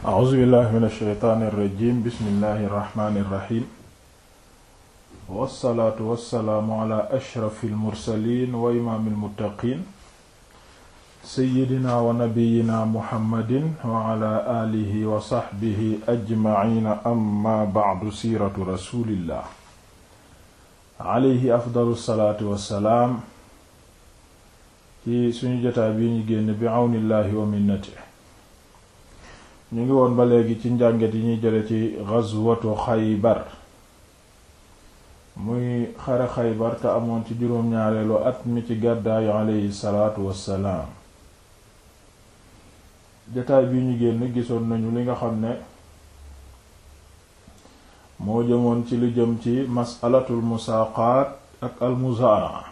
a'uuzu billahi min asheytaani irrajim bismillahi irrahmani irrahim wassalaatu wassalaamu ala ashrafi almursalin wa imaami almuttaqin seyidina wa nabiyina muhammadin wa ala alihi wa saxbihi ajmaciina amma bacdu siiratu rasulillah alayhi afdalu salaatu wassalaam ci suñu jotaay bi ñu génn bi awnillahi wa minnatihi ñu ngi woon ba léegi ci njànget yi ñuy jële ci ghazwatu xaybar muy xare xaybar te amoon ci juróom-ñaareelu at mi ci gàddaayu aleyhi salaatu wassalaam jataay bi ñu génn gisoon nañu li nga xam ne moo jëmoon ci lu jëm ci masalatul musaaqaat ak al muzaara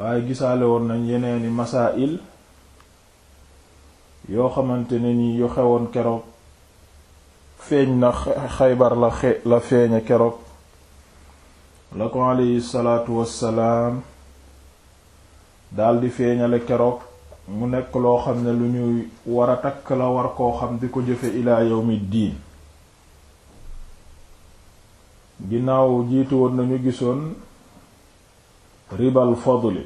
waaye gisaale woon nañ yeneeni masaail yoo xamante ne ni yu xewoon keroog feeñ na xaybar la xe la feeñe keroog la ko aleyhi salaatu wassalaam daldi feeñale keroog mu nekk loo xam ne lu ñuy war takk la war koo xam di ko jëfe ilaa yawmi diin ginnaaw jiitu woon nañu gisoon ribal fadli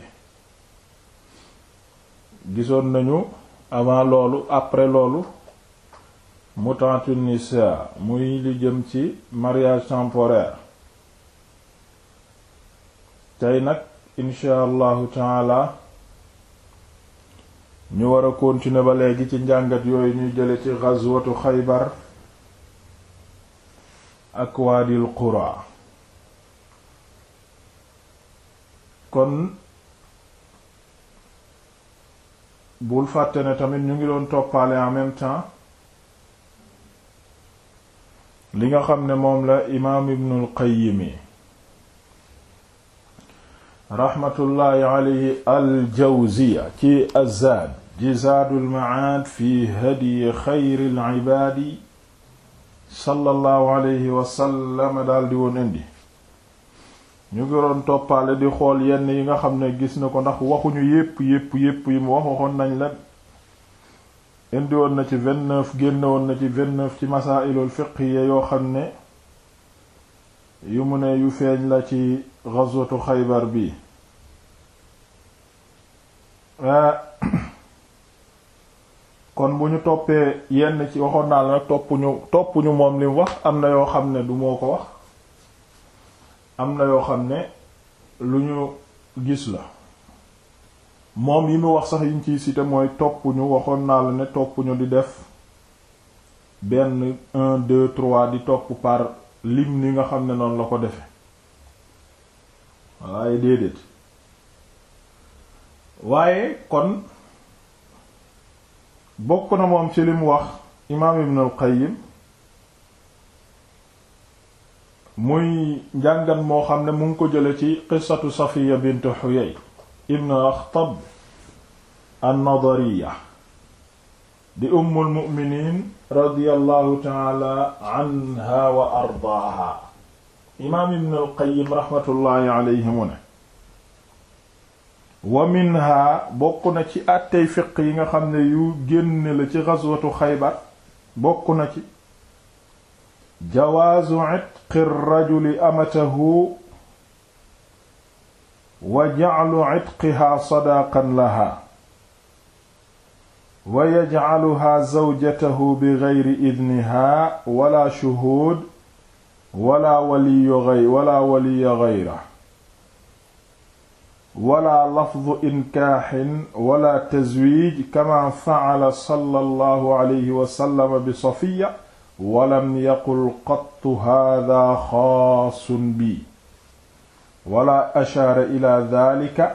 gisoon nañu avant loolu après loolu mutatu nisa muy li ci mariage temporaire tey nag insha allahu taala ñu wara kontiné ba léegi ci njàngat yooyu ñu jële ci ghazwatu xaybar ak waadil qura kon bul fàtte ne tamit ñu ngi doon toppaale en même temps li nga xam ne moom la imaam ibnul qayyimi raxmatullaahi alayhi aljawziya ci azzaad ji zaadul macaad fi hadyi xayril ibaadi sallallahu alayhi wa sallam di woon indi ñu ngi toppale di xool yenn yi nga xam ne gis na ko ndax waxuñu yépp yépp yépp yi mu wax waxoon nañ la indi woon na ci vingt-neuf génne woon na ci vingt-neuf ci masaa'ilul fiqhiyya yoo xam ne yu mu ne yu feeñ la ci ghazwatu Xaybar bi eh, kon bu ñu toppee yenn ci waxoon naa la nag toppuñu toppuñu moom li wax am na yoo xam ne du moo ko wax am na yoo xam ne lu ñu gis la moom yi mu wax sax yiñ ciy cité mooy topp ñu waxoon naa la ne topp ñu di def benn un deux trois di topp par lim ni nga xam ne noonu la ko defe waaye déedéet waaye kon bokk na moom ci lim wax imaam Ibn al-Qayyim muy njàngan moo xam ne mu ngi ko jële ci qissatu safiya bint xuyay ibn axtab annadariya di ummul muminin radiyallahu taala anha wa ardaaha imaam ibn alqayim raxmatullahi aleyhi mu ne wa minha bokk na ci àttey fiq yi nga xam ne yu génn la ci gaswatu xaybar bokk na ci jawaazu itqi rajuli amatahu wa jaclu itqihaa sadaqan laha wa yajcaluhaa zawjatahu bigeyri idnihaa wala shuhuud wala waliyu gey wala waliya geyra wala lafdu inkaaxin wala taswiij kama facala sallallahu alayhi wa sallam bi safiya walam yaqul qattu haadaa xaasun bi wala ashaara ila dalika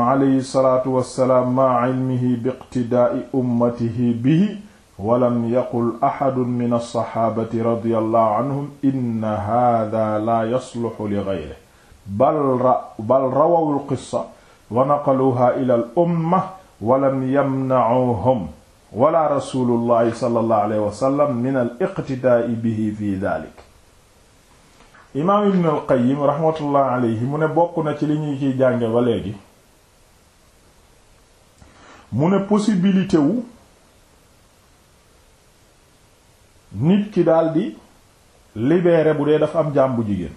alayhi salaatu wassalaam maa cilmihi biqtidaai ummatihi bihi walam yaqul axadun min alsaxaabati radiyallahu anhum inna haadaa laa yasluxu li gayrihi bal bal rawawu alqissa wa naqaluuhaa ila al umma walam yamnacuuhum wala rasulullahi sallallahu alayhi wa sallam min al iqtidaa'i bihi fi daalik imaam ibn al qayyim mu ne bokk na ci li ñuy ciy jànge ba léegi mu ne possibilité nit ki daldi libérer bu dee dafa am jaam bu jigéen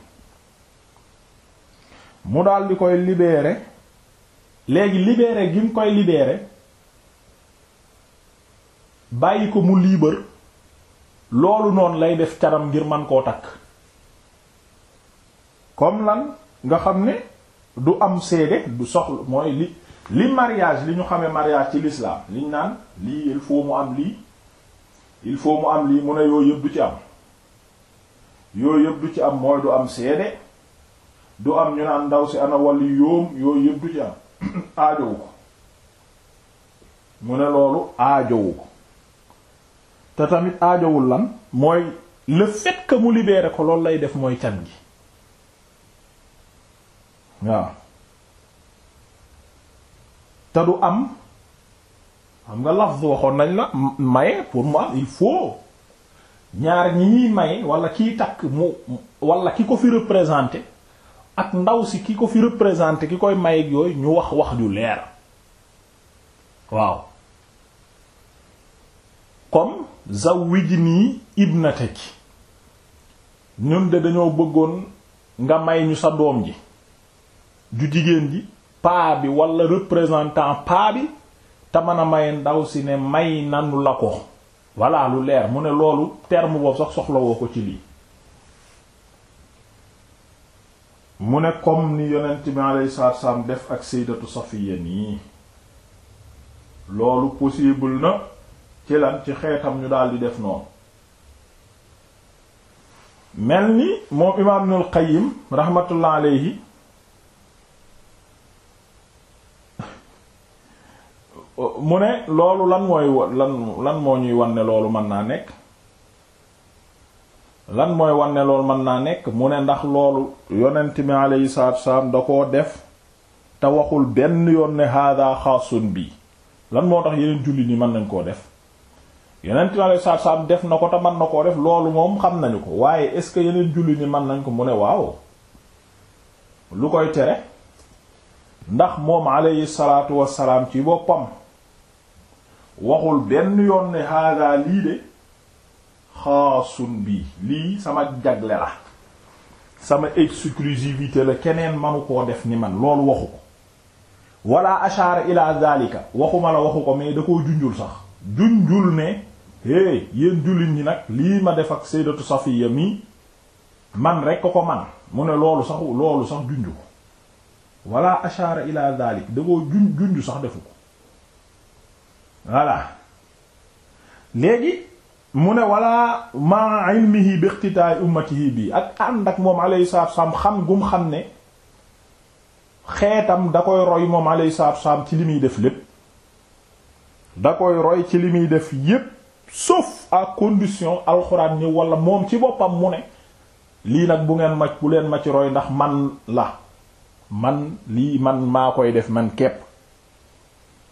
mu daldi koy libérer léegi libérer gi mu koy libérer bàyyi ko mu liibar loolu noonu lay def caram ngir man koo takk comme lan nga xam ne du am seede du soxla mooy li li mariage li ñu xamee mariage ci l'islam liñ naan lii il faut mu am lii il faut mu am lii mu ne yooyu yëpp du ci am yooyu yëpp du ci am mooy du am seede du am ñu naan ndaw si anawal wàllu yoom yooyu yëpp du ci am aajowu ko mu ne loolu aajowu ko te tamit aajowul lan mooy le fait mu libeere ko loolu lay def mooy can gi waaw te du am xam nga lafz waxoon nañ la maye pour mu il faut ñaar ñi ñuy maye wala kiy takk mu wala ki ko fi représenté ak ndaw si ki ko fi représenté ki koy maye ak yooyu ñu wax wax ju leer waaw comme zawwijni ibnataki ñun de dañoo bëggoon nga may ñu sa doom ji ju jigéen ji paa bi walla représentant paa bi te mën a may ndaw si ne may nanu la ko voilà lu leer mu ne loolu terme boobu sax soxlawoo ko ci lii mu ne comme ni yonent bi alayhi salaatu def ak sayyidatu Safiya nii loolu possible na ci lan ci xeetam ñu daal di def noonu mel ni moom imaam Ibnul Qayyim rahmatullah alayhi mu ne loolu lan mooy lan moo ñuy wan loolu mën naa nekk lan mooy wan ne loolu mën naa nekk mu ne ndax loolu yonent mi alayhi salaatu wasalaam da koo def te waxul benn yoon ne hada xaasun bi lan moo tax yeneen julli ni mën nañ koo def yeneen time ale saab def na ko te man na koo def loolu moom xam nañu ko waaye est-ce que yeneen julli ni mën nañ ko mu ne waaw lu koy tere ndax moom alayhi salaatu wassalaam ci boppam waxul benn yoon ne haagaa lii de xaasun bi lii sama jagle la sama exclusivité la keneen manu koo def ni man loolu waxu ko wala ashaara ila zalika waxuma la waxu ko mais da koo junjul sax junjul ne hey yéen jullit ñi nag lii ma def ak sayyidatu Safiya mi man rek ko ko man mu ne loolu sax loolu sax junju ko wala ashara ila dalik da koo jun junju sax defu ko voilà léegi mu ne wala ma ilmihi bi iqtita'i ummatihi bi ak ànd ak moom alayhi salatu xam gum xam ne xeetam da koy roy moom alayhi salatu ci li muy def lépp da koy roy ci li muy def yépp sauf à condition alxuraan ni wala moom ci boppam mu ne lii nag bu ngeen mac bu leen mac roy ndax man la man lii man maa koy def man képp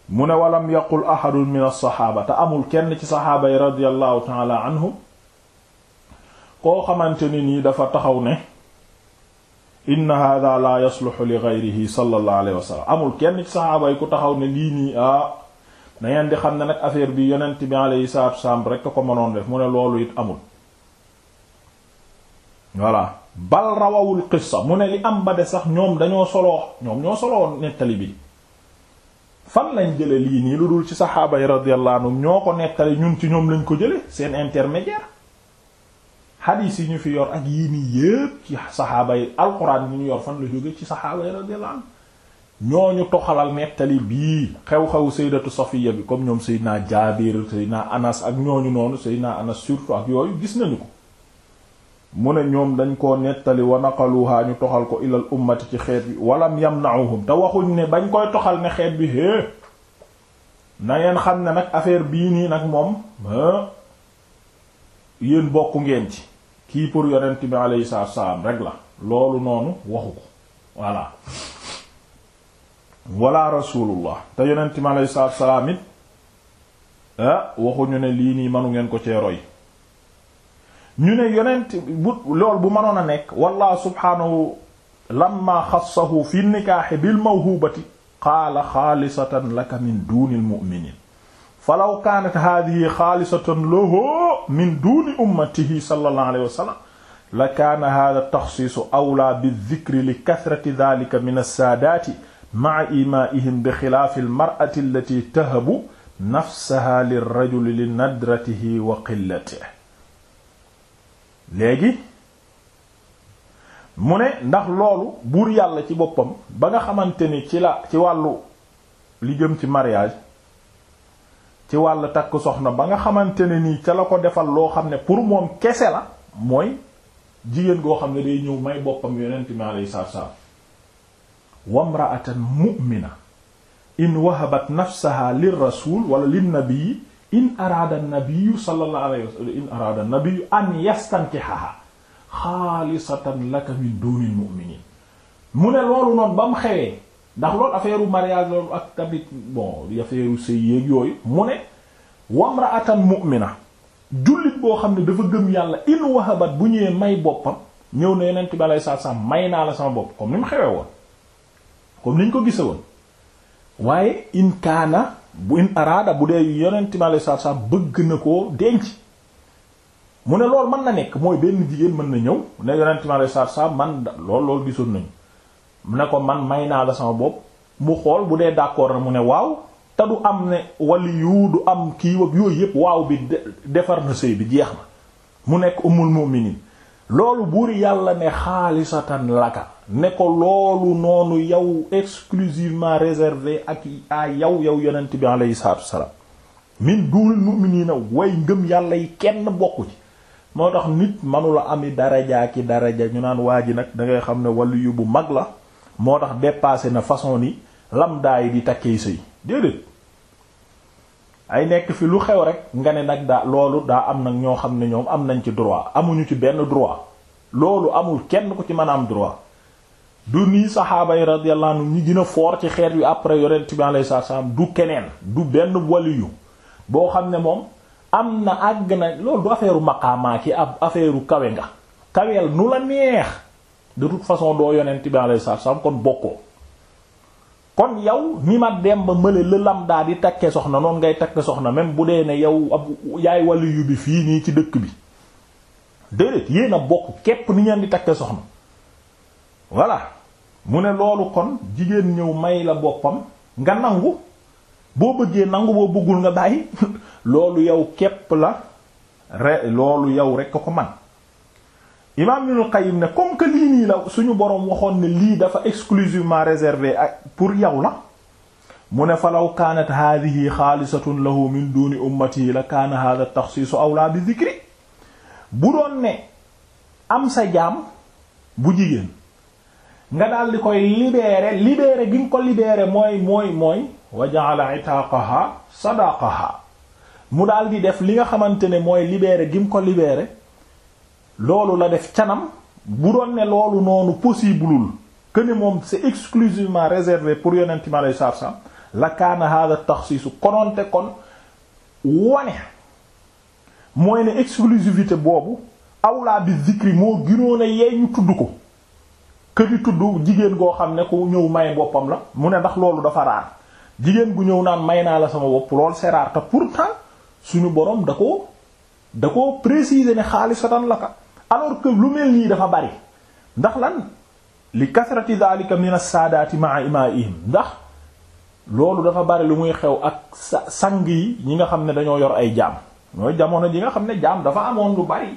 mu ne walam yaqul ahadun min alsaxaaba te amul kenn ci saxaaba yi radiallahu taala koo xamante ni nii dafa taxaw ne inna hada la yasluxu li geyrihi sallallahu amul kenn ci saxaaba ku taxaw ne lii nii ah na ngeen di xam ne nag affaire bi yonent bi alayhi salaatu wasalaam rek ko mënoon def mu ne loolu it amul voilà bal rawawul qissa mu ne li am ba de sax ñoom dañoo solo ñoom ñoo soloo nettali bi fan lañ jële lii nii lu dul ci saxaaba yi radiyallahu anhum ñoo ko nettali ñun ci ñoom lañ ko jële seen intermédiaire xadiis yi ñu fi yor ak yii nii yépp ci saxaaba yi alxuraan yi ñu yor fan la jóge ci saxaaba yi radiyallahu ñooñu toxalal nettali bii xew-xew sayyidatu safiya bi comme ñoom sayyidina jaabir sayyidina anas ak ñooñu noonu naa anas surtout ak yooyu gis nañu ko mu ne ñoom dañ koo nettali wa naqaluha ñu toxal ko ilal ummati ci xeet bi walam yamna'uhum te waxuñ ne bañ koy toxal ne xeet bi hé na xam ne nag affaire bii nii nag moom yéen bokk ngeen ci kii pour yonent bi sa salaam rek la loolu noonu waxu ko voilà wala rasulullah te yonent mi aleyhi salaatu salaam it ah waxuñu ne lii nii manu ngeen ko cee roy ñu ne yonent bu lool bu mënoon a nekk wallah subhaanahu lamma xassahu fi nikaaxi bil mawhubati qaala xaalisatan laka min duuni almu'miniin falaw kaanat haadihi xaalisatan lahu min duuni ummatihi sallallahu alayhi wa sallam la kaana haadha taxsiisu awlaa bi dikri li kasrati daalika min assaadaati ma'a imaa'ihim bi xilaafi almar'ati allati tahabu nafsaha lirrajuli li nadratihi wa qillatihi léegi mu ne ndax loolu buur yàlla ci boppam ba nga xamante ni ci la ci wàllu li jëm ci mariage ci wàllu takk soxna ba nga xamante ne nii ca la ko defal loo xam ne pour moom kese la mooy jigéen goo xam ne day ñëw may boppam yonent mi alayhi salaatu salaam wamraatan mu'mina in wahabat nafsaha lirrasul wala linnabii in araada nabiyu sallallahu alayhi wa sallam in araada nabiyu an yastankihaha xaalisatan laka ndax loolu affaire u mariage ak tamit bon yooyu mu ne wamraatan mu'mina xam ne dafa gëm yàlla in wahabat bu ñëwee may boppam ñëw na yonent bi alayhi salaam may naa la sama bopp comme ni mu xewee woon comme niñ ko gise woon waaye in kaana bu in araada bu dee yonent mi alayhi salaatu bëgg na ko denc mu ne loolu mën na nekk mooy benn jigéen mën na ñëw ne yonent mi alayhi salaatu man lool loolu gisoon nañu mu ne ko man may naa la sama bopp mu xool bu dee d'accord na mu ne waaw te du am ne waliyu du am kii wag yooyu yëpp waaw bi defar na sëy bi jeex na mu nekk ummul mu'minin loolu buur yàlla ne xaalisatan laka ne ko loolu noonu yow exclusivement réservé ak à yow yow yonent bi aleyhi salaatu wassalaam min duulil mu'miniina way ngëm yàlla yi kenn bokku ci moo tax nit manula ami darajaa ki daraja ñu naan waa ji nag dangay xam ne wàllu bu mag la moo tax dépassé na façon ni lam daay di takkee sëy déedéet ay nekk fi lu xew rek nga ne nag daa loolu daa am nag ñoo xam ne ñoom am nañ ci droit amuñu ci benn droit loolu amul kenn ku ci mën a am droit du nii saxaaba yi radiyallahu ñi dina a fort ci xeet yu après yonent bi alayhi salaam du keneen du benn waliyu boo xam ne moom am na àgg na loolu du affaire maqaamaa ki ab affaire kawe nga kaweel nu la neex de toute façon doo yonent bi alayhi salaam kon bokkoo kon yow ni ma dem ba mële la daal di takke soxna noonu ngay takke soxna même bu dee ne yow ab yaay wàllu yu bi fii nii ci dëkk bi déedéet yéen a bokk képp ni ngeen di takke soxna voilà mu ne loolu kon jigéen ñëw may la boppam nga nangu boo bëggee nangu boo bëggul nga bàyyi loolu yow képp la re loolu yow rek ko man imaam Ibnul Qayyim suñu boroom waxoon ne lii dafa exclusivement réservé ak pour yow la mu ne falaw kaanat haadihi xaalisatun lahu min duuni ummatihi la kaana haada taxsiisu awlaa bi zikri bu doon ne am sa jaam bu jigéen nga daal di koy libérer libérer gi nga ko libeere mooy mooy mooy wa ja'ala itaqaha sadaqaha mu daal di def li nga xamante ne mooy libérer gi nga ko libérer loolu la def canam bu doon ne loolu noonu possibleul que ni moom c'est exclusivement réservé pour yonent mi alei satu selam la kaana hada taxsiisu kononte kon wane mooy ne exclusivité boobu awlaa bi zikri moo gënoon a ñu tudd ko que di tudd jigéen goo xam ne ku ñëw may boppam la mu ne ndax loolu dafa raar jigéen gu ñëw naan may naa la sama bopp lool c'est rare te pourtant suñu borom da ko da ko préciser ne xaalisatan laka alors que lu mel nii dafa bari ndax lan li kasrati daalika min as-saadaati ma'a imaa'ihim ndax loolu dafa bari lu muy xew ak sa sang yi ñi nga xam ne dañoo yor ay jaam mooy jamono ji nga xam ne jaam dafa amoon lu bari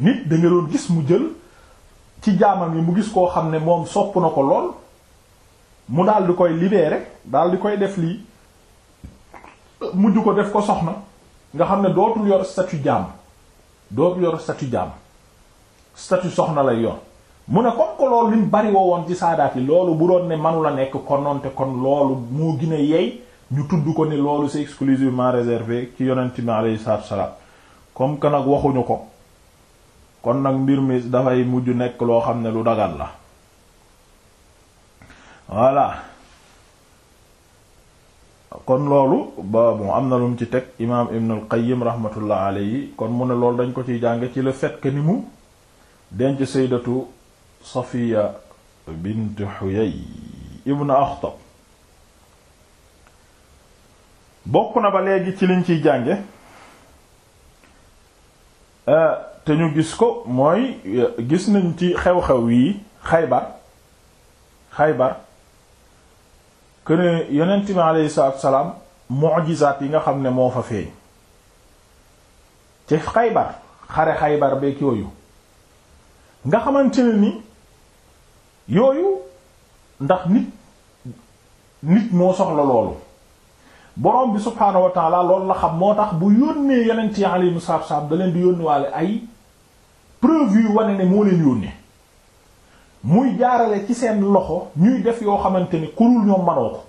nit da nga doon gis mu jël ci jaamam yi mu gis koo xam ne moom sopp na ko lool mu daal di koy rek daal di koy def lii mujj ko def ko soxna nga xam ne dootul yor statut jaam. dootu yor statut jaam statut soxna lay yor mu ne comme que loolu lim bari woon ci saadaat yi loolu bu doon ne manu la nekk konnoonte kon loolu moo gën a ñu tudd ko ni loolu c'est exclusivement réservé ci yonent bi alayhi salaatu comme que nag waxuñu ko kon nag mbir mi dafay mujj nekk loo xam ne lu dagal la voilà kon loolu ba bon am na lu mu ci teg imaam Ibn al-Qayyim rahmatullah alayhi kon mu ne loolu dañ ko ciy jànge ci la fait ni mu denc saydatu Safiya bint Huyay ibn Akhtab bokk na ba léegi ci liñ ciy jànge euh, te ñu gis ko mooy gis nañ ci xew-xew yi Xaybar Xaybar ne yonent bi aleyhi salaatu salaam mu'jizaat yi nga xam ne moo fa feeñ ci xaybar xare xaybar beeg yooyu nga xamante ne ni yooyu ndax nit nit moo soxla loolu borom bi subhaanahu wa taala loolu la xam moo tax bu yónnee yonent yi aleyhimu salaatu salaam da leen di yónniwaale ay preuve yu wane ne moo leen yónnee muy jaarale ci seen loxo ñuy def yoo xamante ni kurul ñoom manoo ko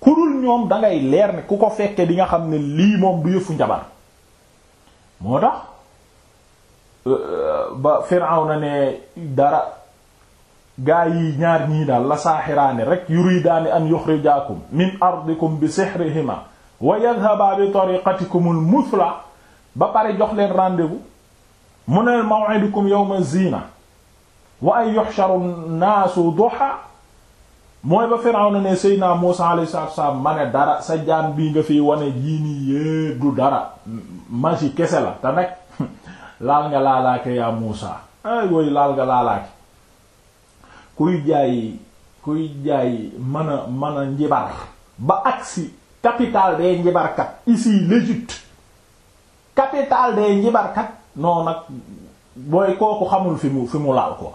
kurul ñoom dangay leer ne ku ko fekkee di nga xam ne lii moom du yëfu njabar moo tax euh, ba Firawna ne dara gaa yi ñaar ñii daal la saaxiraane rek yuridaani an yuxrijaakum min ardikum bi sihrihima wa yadhaba bi tariqatikumul muthla ba pare jox leen rendez-vous mu ne yow yawma zina wa an yuhsharu naasu duha mooy ba Firawna ne Seydina Muusaa alayhi salaatu wassalaam ma ne dara sa jaan bii nga fi wane yii nii yée dara magi kese la te nag laal nga laalaake yaa Muusaa ay wooyu laal nga laalaake kuy jaay kuy jaay mën a njibar ba agsi capitale des njibarkat ici l'Égypte capitale des njibarkat non booy kooku xamul fi mu fi mu laal ko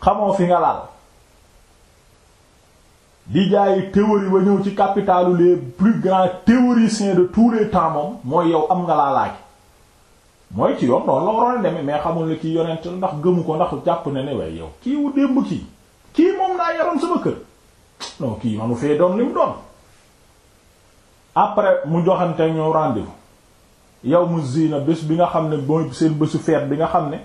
xamoo fi nga laal di jaayi théorie ba ñëw ci capitalu les plus grands théoriciens de tous les temps moom mooy yow am nga laa laaj mooy ci yoon noonu la waroon demee mais xamul ne kii yonent ndax gëmu ko ndax jàpp na ne waaye yow kii wu démb kii kii moom naa yaroon sama kër non kii manu fee doon li mu doon après mu joxante ñoo rendez-vous yow mu zina bés bi nga xam ne mooy seen bésu feet bi nga xam ne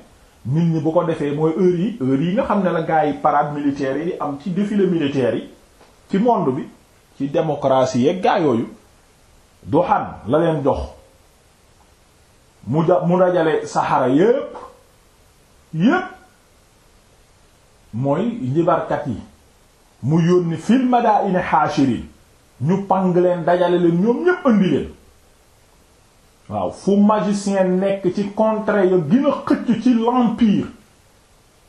nit ñi bu ko defee mooy heure yi heure yi nga xam ne la gars yi parade militaire yi di am ci défilé militaire yi ci monde bi ci démocratie yeeg gaa yooyu doxan la leen jox mu ja mu dajale saxara yépp yépp mooy njibarkat yi mu yónni fil madaa'ini haashirin ñu pang leen dajale leen ñoom ñépp andi leen waaw fu magicien nekk ci contre ya gën a xëcc ci l'empire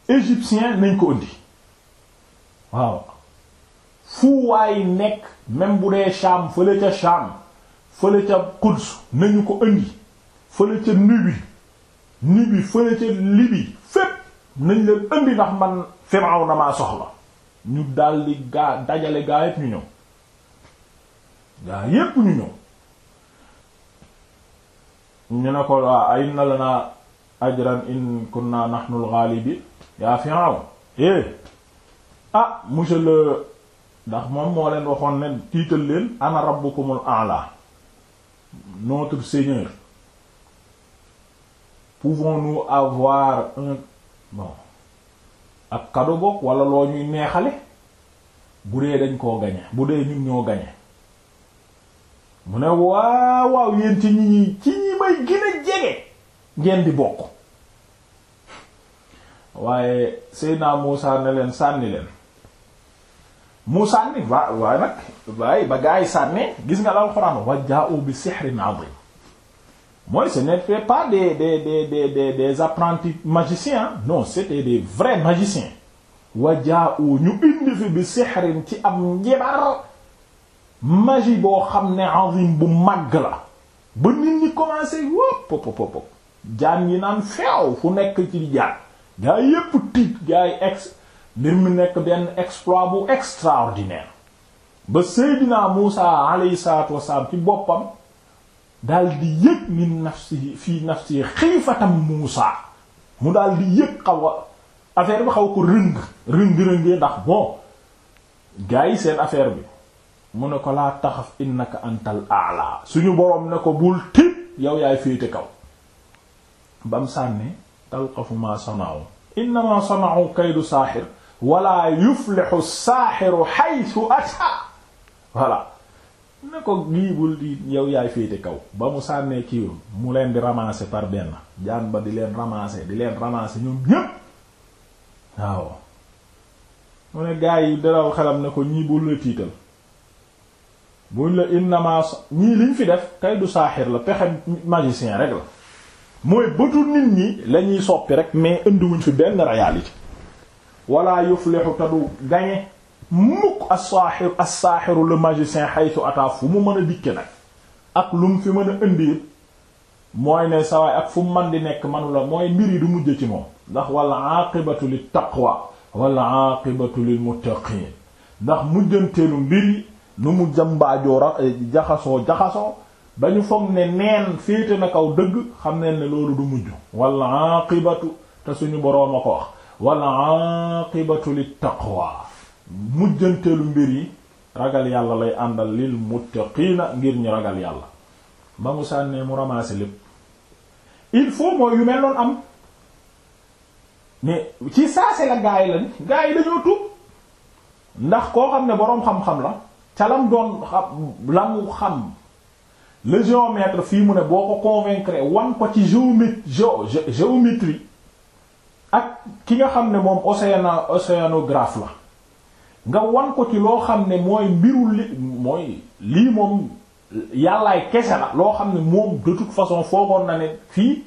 égyptien nañ ko indi waaw fu waay nekk même bu dee Sham fële ca Sham fële ca Quds nañu ko indi fële ca Nubi Nubi fële ca Libi fépp nañ leen indi ndax man Firawna maa soxla ñu daldi gaa dajale gaa yépp ñu ñëw gaa yépp ñu ñëw ñu ne ko waaw ah, a inna naa ajran in naa nahnu al-ghalibi yaa Firawna eh ah monsieur le ndax moom moo leen waxoon ne tiital leen ana rabbukumul a'la notre seigneur pouvons-nous avoir un bon ab cadeau bokk wala loo ñuy neexale bu dee dañ koo gañe bu dee ñun ñoo gañe mu ne waaw waaw yéen ñi ci may gën a jege ngeen di bokk waaye Seydina Muusa ne leen sànni leen mu sànni waa waaye nag waaye ba gaa yi gis nga la Alxuraan wa jaa'u bi sihrin azim mooy ce n'est pas des des des des des des apprentis magiciens non c'était des vrais magiciens wa jaa'u ñu indi fi bi sihrin ci am njibar magie boo xam ne azim bu màgg la ba nit ñi commencé wóop pop jaan yi naan feew fu nekk ci di jaan gaa yépp tiit gaa yi ex mbir mi nekk benn exploit bu extraordinaire ba Seydina musaa alayhi salaatu wasalaam ci boppam daal di yëg min nafsihi fii nafsihi xiifatam Muusa mu daal di yëg xaw a bi xaw ko rëng rëng-rëngee ndax bon gaa yi seen affaire bi mu ne ko laa taxaf innaka antal a'la suñu boroom ne ko bul tiit yow yaay féete kaw bam sànni talqafu ma sana'u innama sana'u kaydu saaxir wala yuflixu saaxiru xaytu ata voilà ne ko lii di yow yaay féete kaw ba mu sànnee kii mu leen di ramasser par benn jaan ba di leen ramasser di leen ramasser ñoom ñépp waaw mu ne gaa yi dalal xelam ne ko ñii bul tiital buñ la innama ñii liñ fi def kay du saaxir la pexe magicien rek la mooy bëtu nit ñi lañuy soppi rek mais indiwuñ fi benn réalité wala yuflihu te du gañe mukk as-saaxir saaxiru le magicien xaytu ata fu mu mën a dikke nag ak lu mu fi mën a indi mooy ne sawaay ak fu man di nekk manu la mooy mbir yi du mujj ci moom ndax wala aqibatu lit taqwa wala aqibatu lil muttaqin ndax mujjanteelu mbir yi nu mu jàmbaajoo ra eh, jaxasoo jaxasoo ba ñu foog ne neen féete na kaw dëgg xam ne ne loolu du mujj wala aqibatu te suñu boroom a ko wax wala aqibatu lit taqwa mujjanteelu mbir yi ragal yàlla lay àndal lil muttaqiina ngir ñu ragal yàlla ba mu sànnee mu ramassé lépp il yu mel noonu am mais ci saase la gaa yi lañ gaa dañoo tub ndax koo xam ne boroom xam-xam la ca lam doon xam la géomètre fii mu ne boo ko convaincre wan ko ci géomètre géométrie ak ki nga xam ne moom océana océanographe la nga wan ko ci loo xam ne mooy mbiru li mooy lii moom yàllaay kese la loo xam ne moom de toute façon foogoon na ne fii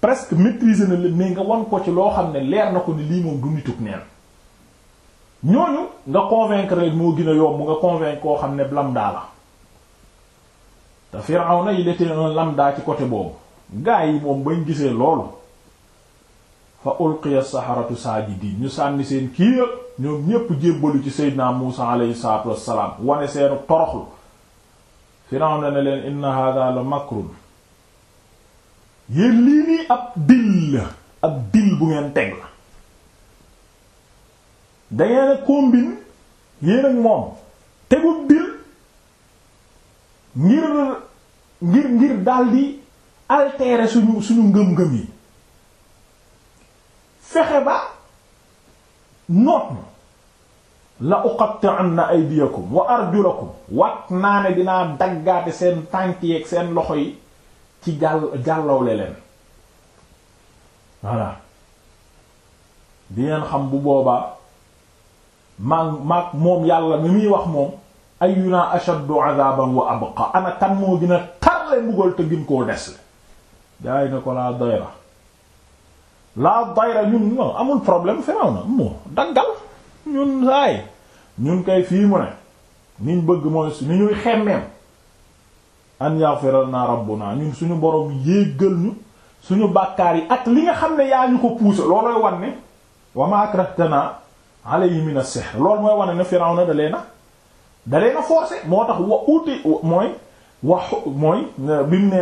presque maîtriser na le mais nga wan ko ci loo xam ne leer na ko ni lii moom du nituk neen ñooñu nga convaincre leen moo gën a yomb nga convaincre koo xam ne lambda la te Firawna il était un lambda ci côté boobu gaa yi moom bañ gisee loolu fa ulqiya saharatu sajidin ñu sànni seen kii ya ñoom ñépp jébbalu ci Seydina Muusa alayhi salaatu wassalaam wane seenu toroxlu Firawna ne leen inna hadha la makrun yéen nii ab dil ab dil bu ngeen teg la dangeen a combine yéen ak moom tegub dil ngir ngir daldi altérer suñu ngëm-ngëm yi fexe ba noot la ay aydiyakum wa arjulakum wat naa ne dinaa daggaate seen tànk yi ak seen loxo yi ci jàll jàllawle leen voilà di xam bu boobaa maag maag moom yàlla mi muy wax moom ayyuna ashaddu adaban wa abqa ana kan moo gën a tarle mbugal te gën koo des le jaay na ko laa dayra laa dayra ñun amul problème firaw na moo daggal ñun saay ñun kay fii mu ne niñ bëgg mooy ni ñuy xemmeem an yaghfira lana rabbuna ñun suñu borom yéegal ñu suñu bàkkaar yi ak li nga xam ne yaa ñu ko puusa loolooy wan ne wa ma akrahtana alayhi min as-sihr loolu mooy wane ne Firawna da leena da leena forcé moo tax wa uti mooy wax mooy bi mu ne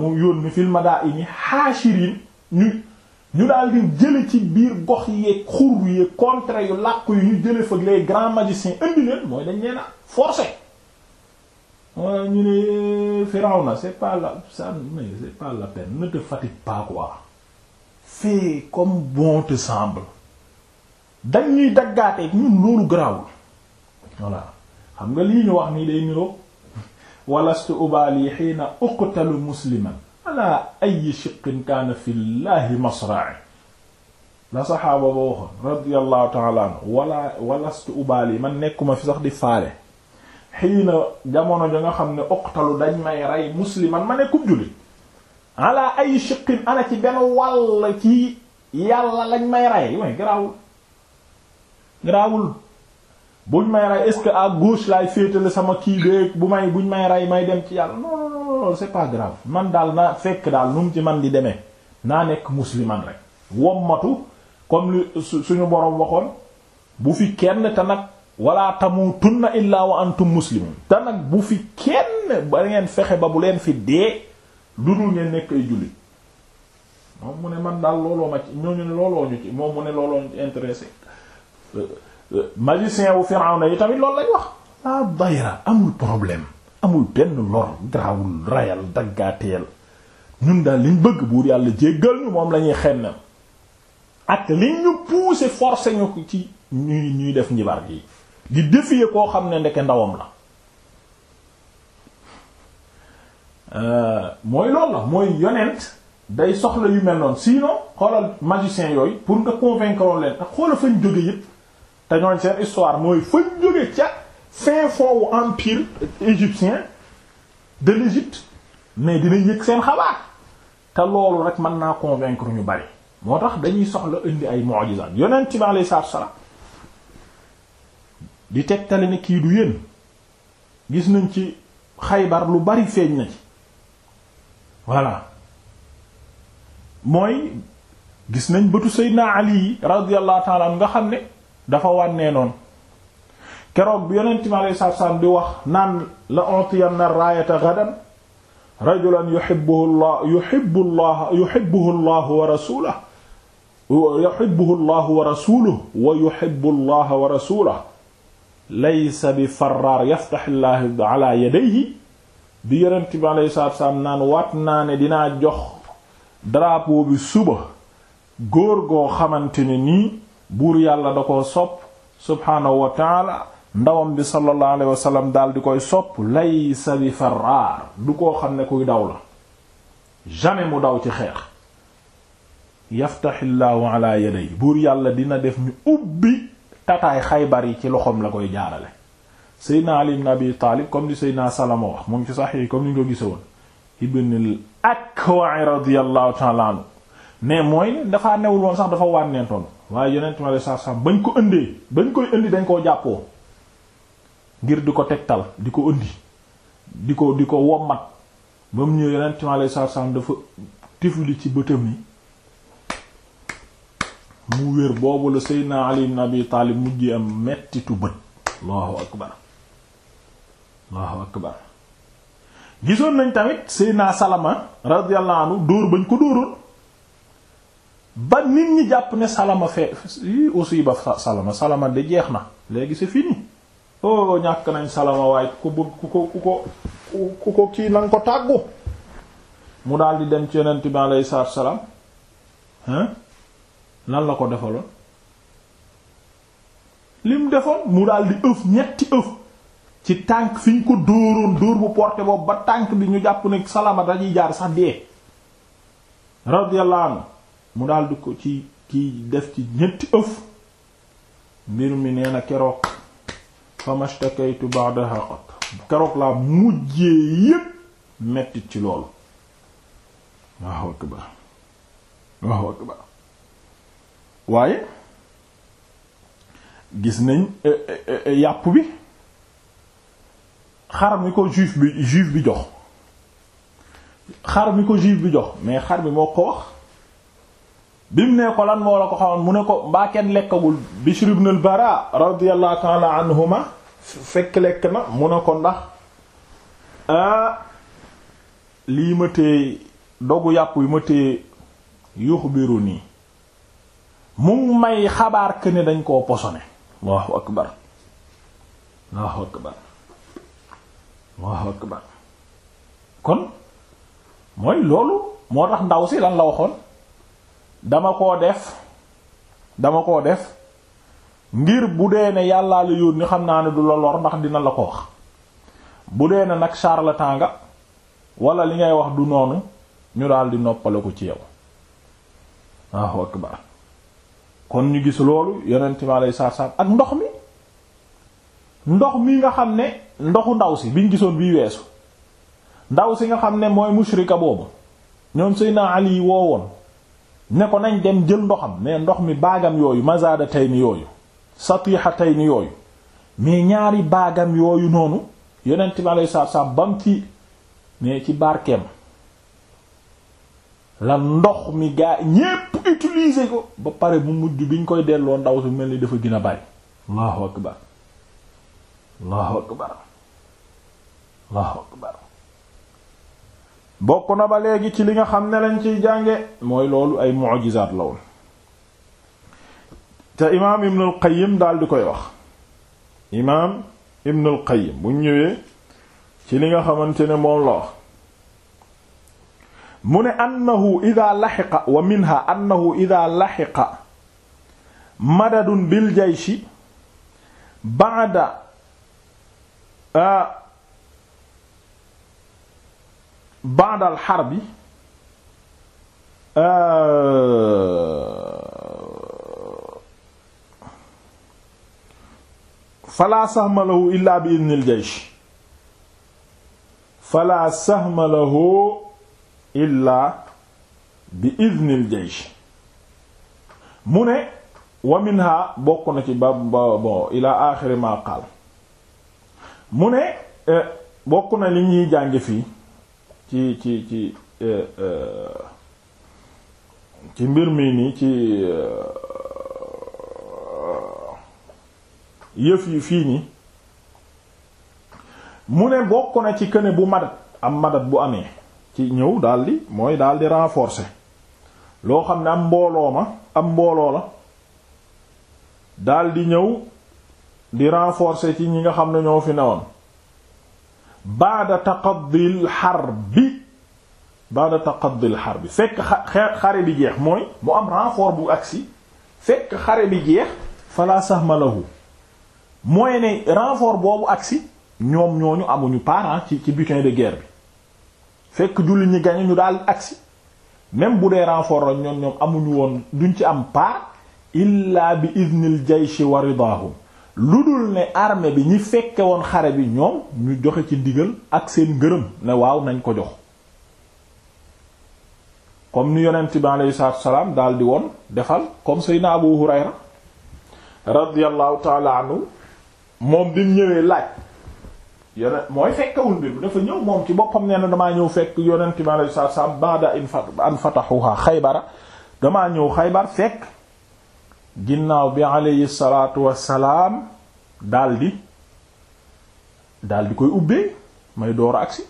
mu yónni fil madaa'ini haashiriin ñu ñu daal di ci biir gox yeeg xur yeeg contre yu làkk yu ñu jële fa les grands magiciens indi leen mooy dañ leena forcé mooy ñu ne Firawna c'est pas la ça mais c'est pas la peine ne fatigue pas quoi fais comme bon te semble dañ ñuy daggaateeg ñun loolu garaawul voilà xam nga lii ñu wax nii day niroo walastu ubaali xiina uqtalu musliman ala ay shiqqin kaana fi llahi masra'i la saxaaba ba waxoon radiyallahu ta'ala anhu wala walastu ubaali man nekkuma fi sax di faale xiina jamono ja nga xam ne uqtalu dañ may rey musliman ma nekkub jullit ala ay shiqqin ana ci benn wàll ci yàlla lañ may rey way garaawul garaawul buñ may rey est-ce que à gauche laay féetale sama kii beeg bu may buñ may rey may dem ci yàlla non non non c'est pas grave man daal na fekk daal nu mu ci man di demee naa nekk musliman rek wommatu comme li suñu borom waxoon bu fi kenn te nag wala tamutunna illaa wa antum muslimun te nag bu fi kenn ba ngeen fexe ba bu leen fi dee lu dul ngeen nekk ay jullit moom mu ne man daal looloo ma ci ñooñu ne looloo ci moom mu ne looloo ci intéressé magicien wu Firawna yi tamit loolu lañ wax la dayra amul problème amul benn lor garaawul rayal daggaateel ñun daal liñ bëgg buur yàlla jéggal ñu moom lañuy ñuy xennam ak liñ ñu pousser forcer ci ñuy ñuy def njibar gi di défier koo xam ne ndeke ndawam la euh, mooy loolu la mooy yonent day soxla yu mel noonu sinon xoolal magicien yooyu pour nga convaincre leen ak xoolal fañ jóge yépp te ñooñ seen histoire mooy fañ jóge ca fin fond wu empire égyptien de l'Égypte mais dinañ yëg seen xabaar te loolu rek mën naa convaincre ñu bari moo tax dañuy soxla indi ay mu'jizat yonent bi alayhi salaatu salaam di tegtale ne kii du yéen gis nañ ci xaybar lu bari feeñ na ci voilà mooy gis nañ bëtu Seydina Ali radiyallahu ta'ala nga xam ne dafa wànnee noonu keroog bi yonent mi alayhi salaatu salaam di wax naan la utiyanna raayata gadan rajulan yuhibbuhu allah yuhibbu allah yuhibbuhu allah wa rasuluhu yuhibbuhu allah wa rasuluhu wa yuhibbu allah wa rasuluhu laysa bi farraar yaftahu allah ala yadayhi bi yonent bi alayhi salaatu salaam naan waat naa ne dinaa jox drapeau bi suba góor goo xamante ne nii buur yàlla da koo sopp subhaanahu wa taala ndawam bi sallallahu alayhi wa daal di koy sopp laysa bi farraar du koo xam ne kuy daw la jamais mu daw ci xeex yaftaxillaahu ala yaday buur yàlla dina def ñu ubbi tataay xaybar yi ci loxoom la koy jaarale seydna ali ibn abi taalib comme di seydna salama wax moom ci sax yi comme ni ñu ko gise woon ibnul akwa radiyallahu ta'ala anhu mais mooy ne dafaa newul woon sax dafa wànneentoon waaye yonent ma saa saam bañ ko indee bañ koy indi dañ koo jàppoo ngir di ko tegtal di ko indi di ko di ko wommat ba mu ñëw yonent ma saa saam dafa tifli ci bëtam yi mu wér boobu la Seydina Ali ibn Abi Taalib mujjee am mettitu bët Allahu akbar Allahu akbar gisoon nañ tamit Seydina Salama radiyallahu anhu dóor bañ ko dóoroon ba nit ñi jàpp ne salama fee aussi ba salama salama de jeex na léegi c'est fini oh ñàkk nañ salama waaye ku ko bëgg ku ko ku ko kii na ko tàggu mu daal di dem ci yonent bi alayhi salaatu hein lan la ko defaloon lim defoon mu daal ëf ñetti ëf ci tànk fi ñu ko dóoroon dóor bu porté boobu ba tànk bi ñu jàpp ne salama dañuy jaar sax dee radiyallahu anhu mu daldi ko ci ki def ci ñetti ëf mbir mi nee na keroog famashtakaytu ba'da haqat keroog laa mujjee yépp mettit ci loolu waaw akbar waaw akbar waaye gis nañ eh, eh, eh, yàpp bi xar mi ko juif bi juif bi jox xar mi ko juif bi jox mais xar bi moo ko wax bi mu nee ko lan moo la ko xawoon mu ne ko mbaa kenn lekkagul Bishr ibn al-Bara radiyallahu ta'ala anhuma fekk lekk na mu ne ko ndax ah lii ma tee dogu yàpp yu ma tee yuxbiru nii mu ngi may xabaar que ne dañ koo posone Allahu akbar Allahu akbar Allahu akbar kon mooy loolu moo tax ndaw si lan la waxoon dama koo def dama koo def ngir bu dee ne yàllaa la yónni xam naa ne du la lor ndax dina la ko wax bu dee ne nag charlatan nga wala li ngay wax du noonu ñu dal di noppale ci yow waaw akbar kon ñu gis loolu yonent mi alayhi salaatu salaam ak ndox mi ndox mi nga xam ne ndoxu ndaw si biñ gisoon bii weesu ndaw si nga xam ne mooy mushrika boobu ñoom Seydina Ali woon ne ko nañ dem jël ndoxam mais ndox mi baagam yooyu mazada tey ni yooyu satiixa tey ni yooyu mais ñaari baagam yooyu noonu yonent bi alayhi salaatu salaam bam ci mais ci barkeem la ndox mi gaa ñépp utiliser ko ba pare bu mujj biñ koy delloo ndaw su mel ni dafa gën a bari allahu akbar allahu akbar allahu bokk na ba léegi ci li nga xam ne lañ ciy jànge mooy loolu ay mu'jizaat la woon te imaam Ibn al daal di koy wax imaam Ibn al-Qayyim bu ñëwee ci li nga xamante ne moom la wax mu ne annahu ida laxiqa wa minha annahu ida laxiqa madadun bil jayshi baada baadal xarbi euh, fala sahma lahu illa bi idnil jaysh fala sahma lahu illa bi idnil jaysh mu ne wa minha bokk na ci ba ba bon ila axiri qaal mu ne euh, bokk na li ñuy jànge fii ci ci ci e, e, ci mbir mi nii ci e, yëf yi fii nii mu ne bokk na ci këne bu madat am madat bu amee ci ñëw daldi mooy daldi renforcer loo xam ne am mbooloo ma am mbooloo la daldi ñëw di renforce ci ñi nga xam ne ñoo fi woon baada taqaddil harbi baada taqaddil harbi fekk xare bi jeex mooy mu am renfort bu agsi fekk xare bi jeex fala sahma lahu mooy ne renfort boobu agsi ñoom ñooñu amuñu parent ci ci butin de guerre bi fekk jullit ñi gañu ñu daal agsi même bu dee renfort la ñoom ñoom amuñu woon duñ ci am part illa bi idnil jayshi wa ridaahum lu dul ne armée bi ñi fekke woon xare bi ñoom ñu joxe ci ndigal ak seen ngërëm ne waaw nañ ko jox comme ni yonent bi aleyhi salaam wasalaam daal di woon defal comme Seydina Abu Hurayra radiyallahu taala anhu moom bi mu ñëwee laaj yonent mooy fekkewul mbir bi dafa ñëw moom ci boppam nee na damaa ñëw fekk yonent bi aleyhi salaatu wasalaam ba'da an fatahuha xaybara damaa ñëw xaybar fekk ginnaaw bi aleyhi salaatu wassalaam daldi daldi koy ubbee may door a agsi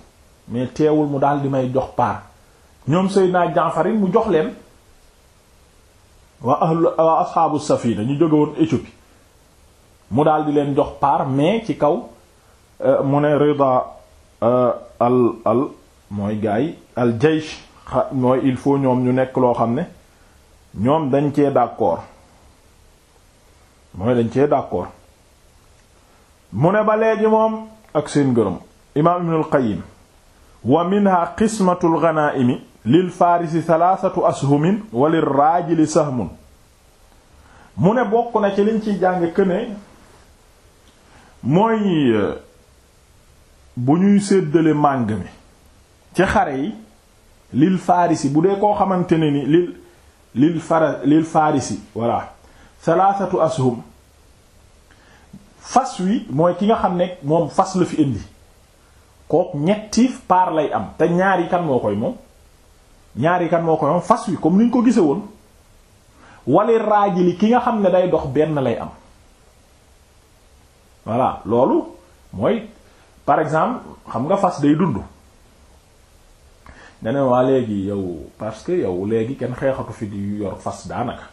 mais teewul mu di may jox paar ñoom Seydina Jaafarin mu jox leen waa ahlu waa asxaabu safina ñu jóge woon Éthiopie mu daldi leen jox paar mais ci kaw euh, mu ne rida euh, al al mooy gaay al jaysh mooy il faut ñoom ñu nekk loo xam ne ñoom dañ cee d'accord mooy dañ cee d'accord mu ne ba léegi moom ak seen ngërëm imaam ibn al-Qayyim wa minha qismatu al-ghanaa'imi lil farisi thalathatu ashumin wa lir raajili sahmun mu ne bokk na ci liñ ciy jàng këne mooy bu ñuy séddale màng mi ci xare yi lil farisi bu dee koo xamante ne ni lil lil fara lil farisi voilà thalathatu ashum fas wi mooy ki nga xam ne moom fas la fi indi kook ñetti paar lay am te ñaari kan moo koy moom ñaari kan moo koy moom fas wi comme ni ñu ko gise woon wali raajili ki nga xam ne day dox benn lay am voilà loolu mooy par exemple xam nga fas day dund nga ne waa léegi yow parce que yow léegi kenn xeexatu fi di yor fas daanaka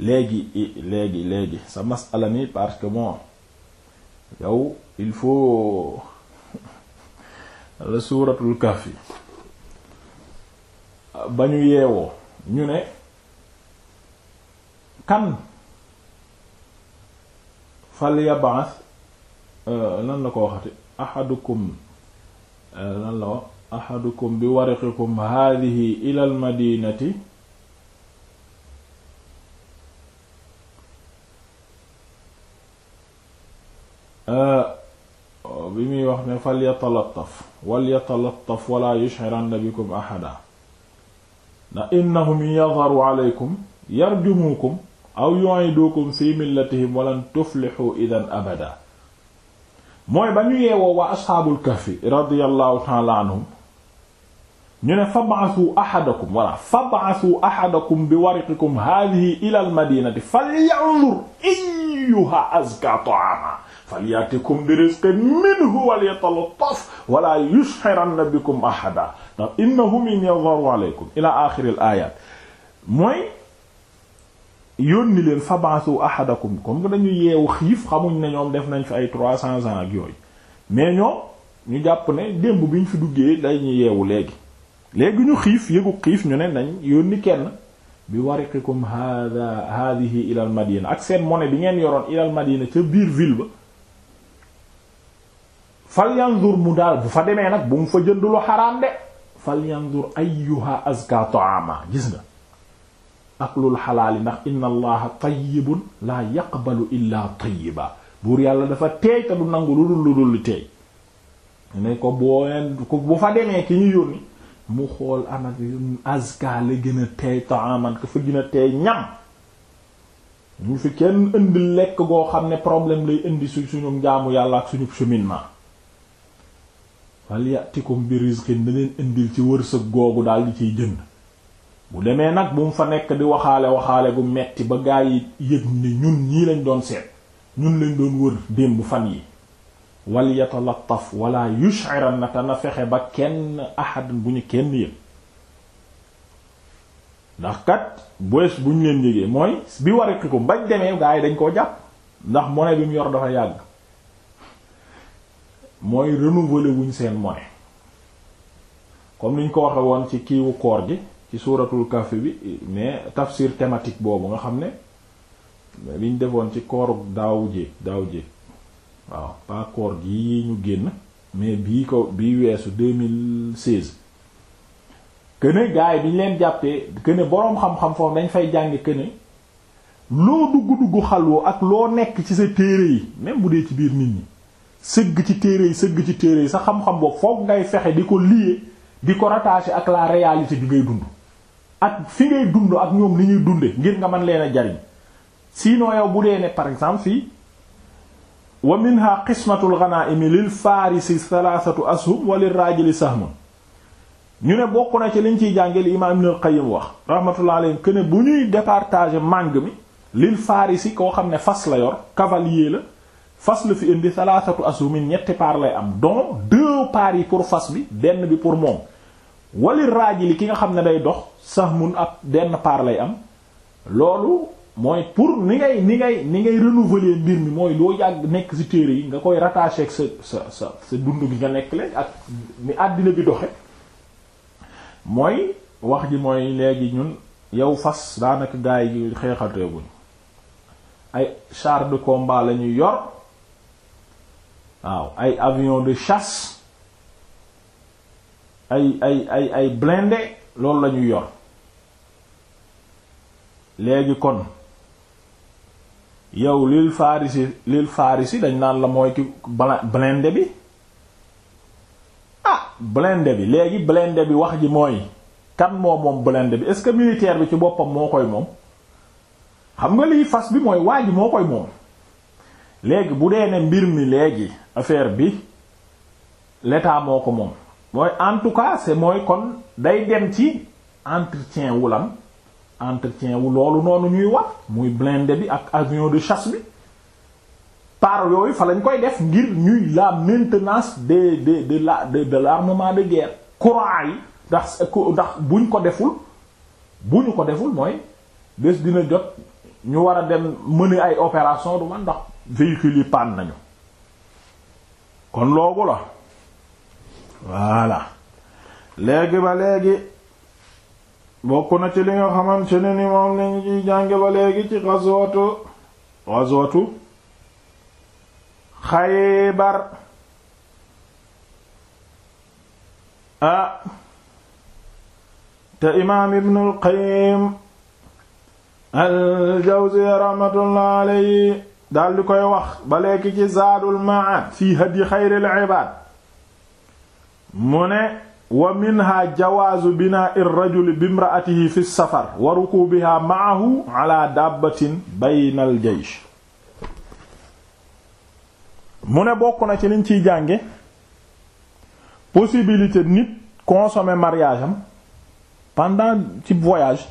léegi léegi léegi sa masala mi parce que bon yow il faut la suuratul kahfi ba ñu yeewoo ñu ne kan fal yabaas euh, lan la ko waxati ahadukum euh, lan la wax ahadukum bi wariqikum hadhihi ila madinati falyatalattaf walyatalattaf wala yushhiranna bikum ahada na innahum yadharu aleykum yarjumukum aw yu'idukum fi millatihim walan tuflixu idan abada mooy ba ñu yeewoo waa asxaabul kahfi radiyallahu ta'ala anhum ñu ne fab'athu ahadakum wala fab'athu ahadakum bi wariqikum hadhihi ila al madinati falyanzur ayyuha azka ta'ama falyatikum bi rizqin minhu wa yatalattaf wa la yushiranna bikum ahada ndax innahum yanzaru alaykum ila axiril ayat mooy yónni leen fabaasu ahadakum comme que dañu yeewu xiif xamuñ ne ñoom def nañ fi ay trois cents ans ak yooyu mais ñoom ñu jàpp ne démb bi ñu fi duggee dañu yeewu léegi léegi ñu xiif yëgu xiif ñu ne nañ yónni kenn bi wariqikum hada hadihi ila al seen monnaie bi ngeen yoroon ila al madina ca biir ville ba fal yanzur mu daal bu fa demee nag bu fa jënd lu xaraam de fal yanzur ayyuha azka ta'ama gis nga aklul xalaali ndax inna allaha tayyibun la yaqbalu illa tayyiba buur yàlla dafa teey te du nangu lu dul lu dul teey ko boo bu fa demee ki ñu yónni mu xool anak azka la gën a teey taaman ka fa gën a teey ñam ñu fi kenn indi lekk goo xam ne problème lay indi suñu njaamu yàlla ak suñu cheminement fal yatikum bi rizqin na indil ci wërsëg googu daal di ciy jënd bu demee nag bu mu fa nekk di waxaale waxaale gu metti ba gaa yi yëg ni ñun ñii lañ doon seet ñun lañ doon wër démb fan yi wal yatalattaf wala yush'iranna te na fexe ba kenn ahad bu ñu kenn yëg ndax kat bés bu ñu leen yëgee mooy bi wariqi ko bañ demee gaa yi dañ koo jàpp ndax monnaie bi mu yor dafa yàgg mooy renouveler wuñ seen monnaie comme niñ ko waxe woon ci kiiwu koor gi ci suuratul kahf bi mais tafsir thématique boobu nga xam ne liñ defoon ci kooru daaw jéeg daaw jéeg waaw pas koor gi ñu génn mais bii ko bii weesu 2016 këne gaay bi ñu leen jàppee këne boroom xam-xam foofu dañ fay jàngi këne loo dugg-dugg xalwoo ak loo nekk ci sa téere yi même bu dee ci biir nit ñi sëgg ci téere yi sëgg ci téere yi sa xam-xam boobu foog ngay fexe di ko lier di ko rattacher ak la réalité bi ngay dund ak fi ngay dund ak ñoom li ñuy dunde ngir nga mën leen a jariñ sinon yow bu dee ne par exemple fii wa minha qismatul ghanaa'imi lil farisi thalathatu ashum wa lir rajuli sahmun ñu ne bokk na ci liñ ciy jànge li imaam Ibn al wax rahmatullah alayhi que ne bu ñuy départager màng mi lil farisi koo xam ne fas la yor cavalier la fas la fi indi thalathatu ashum ñetti paar lay am donc deux paar yi pour fas bi benn bi pour moom wali raajili ki nga xam ne day dox sahmun ab benn paar lay am loolu mooy pour ni ngay ni ngay ni ngay renouveler mbir mi mooy loo yàgg nekk ci téere yi nga koy rattaché ak sa sa sa dund bi nga nekk léegi ak ni àddina bi doxe mooy wax ji mooy léegi ñun yow fas daanaka gaa yi xeexatee buñ ay char de combat la ñuy yor waaw ay avion de chasse ay ay ay ay loolu la ñuy yor léegi kon yow lil farisi lil farisi dañ naan la mooy ki blindé bi ah blindé bi léegi blindé bi wax ji mooy kan moo moom blindé bi est-ce que militaire bi ci boppam moo koy moom xam nga liy fas bi mooy waa ji moo koy moom léegi bu dee ne mbir mi léegi affaire bi l'État moo ko moom mooy en tout cas c'est mooy kon day dem ci entretien wulam entretien wu loolu noonu ñuy wax muy blindé bi ak avion de chasse bi par yooyu fa lañ koy def ngir ñuy la maintenance de de de la de de l'armement de guerre courant yi ndax ndax buñ ko deful bu ko deful mooy bés dina jot ñu war a dem mener ay opération du man ndax véhicules yi panne nañu kon loogu la voilà léegi ba léegi bokk na ci li nga xamante ne ni moom lañu ciy jànge ba léegi ci xaswatu xaswatu Xaybar te imaam Ibn al-Qayyim al rahmatullah alayhi di koy wax ba léegi ci Zaadul Ma'aad fi hadyi xayril ibaad mu ne wa minha jawaazu binaa'i rajuli bimra'atihi fi safar wa rukuubiha ma'ahu ala dabbatin mu ne bokk na ci liñ ciy jànge possibilité nit consommer mariage am pendant ci voyage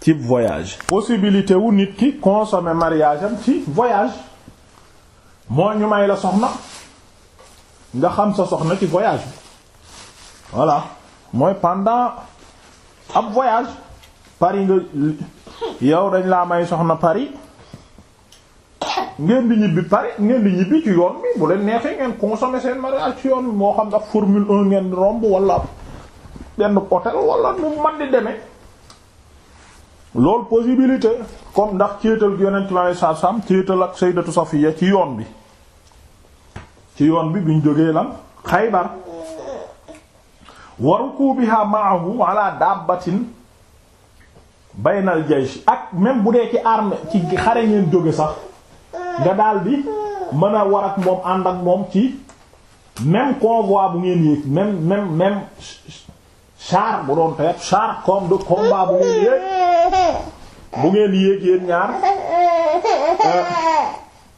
ci voyage possibilité wu nit ki consommer mariage am ci voyage moo ñu may la soxna nga xam sa soxna ci voyage voilà mooy pendant ab voyage Paris nga yow dañ laa may soxna Paris ngeen bi ñibbi Paris ngeen bi ñibbi ci yoon bi bu leen neexee ngeen consommer seen mariage ci yoon bi moo xam ndax Formule 1 ngeen romb wala benn hôtel wala nu man di demee loolu possibilité comme ndax céetal gi yonent ma sa sam céetal ak Sayyidatu Safiya ci yoon bi ci yoon bi buñ jógee lan Xaybar wa rukubiha ma'ahu ala dabbatin baynal jaysh ak même bu dee ci arme ci xare ngeen jóge sax nga daal di mën a war ak moom ànd ak moom ci même convoi bu ngeen yéeg même même même char bu doon tayat char comme de combat bu bu ngeen yéeg yéen ñaar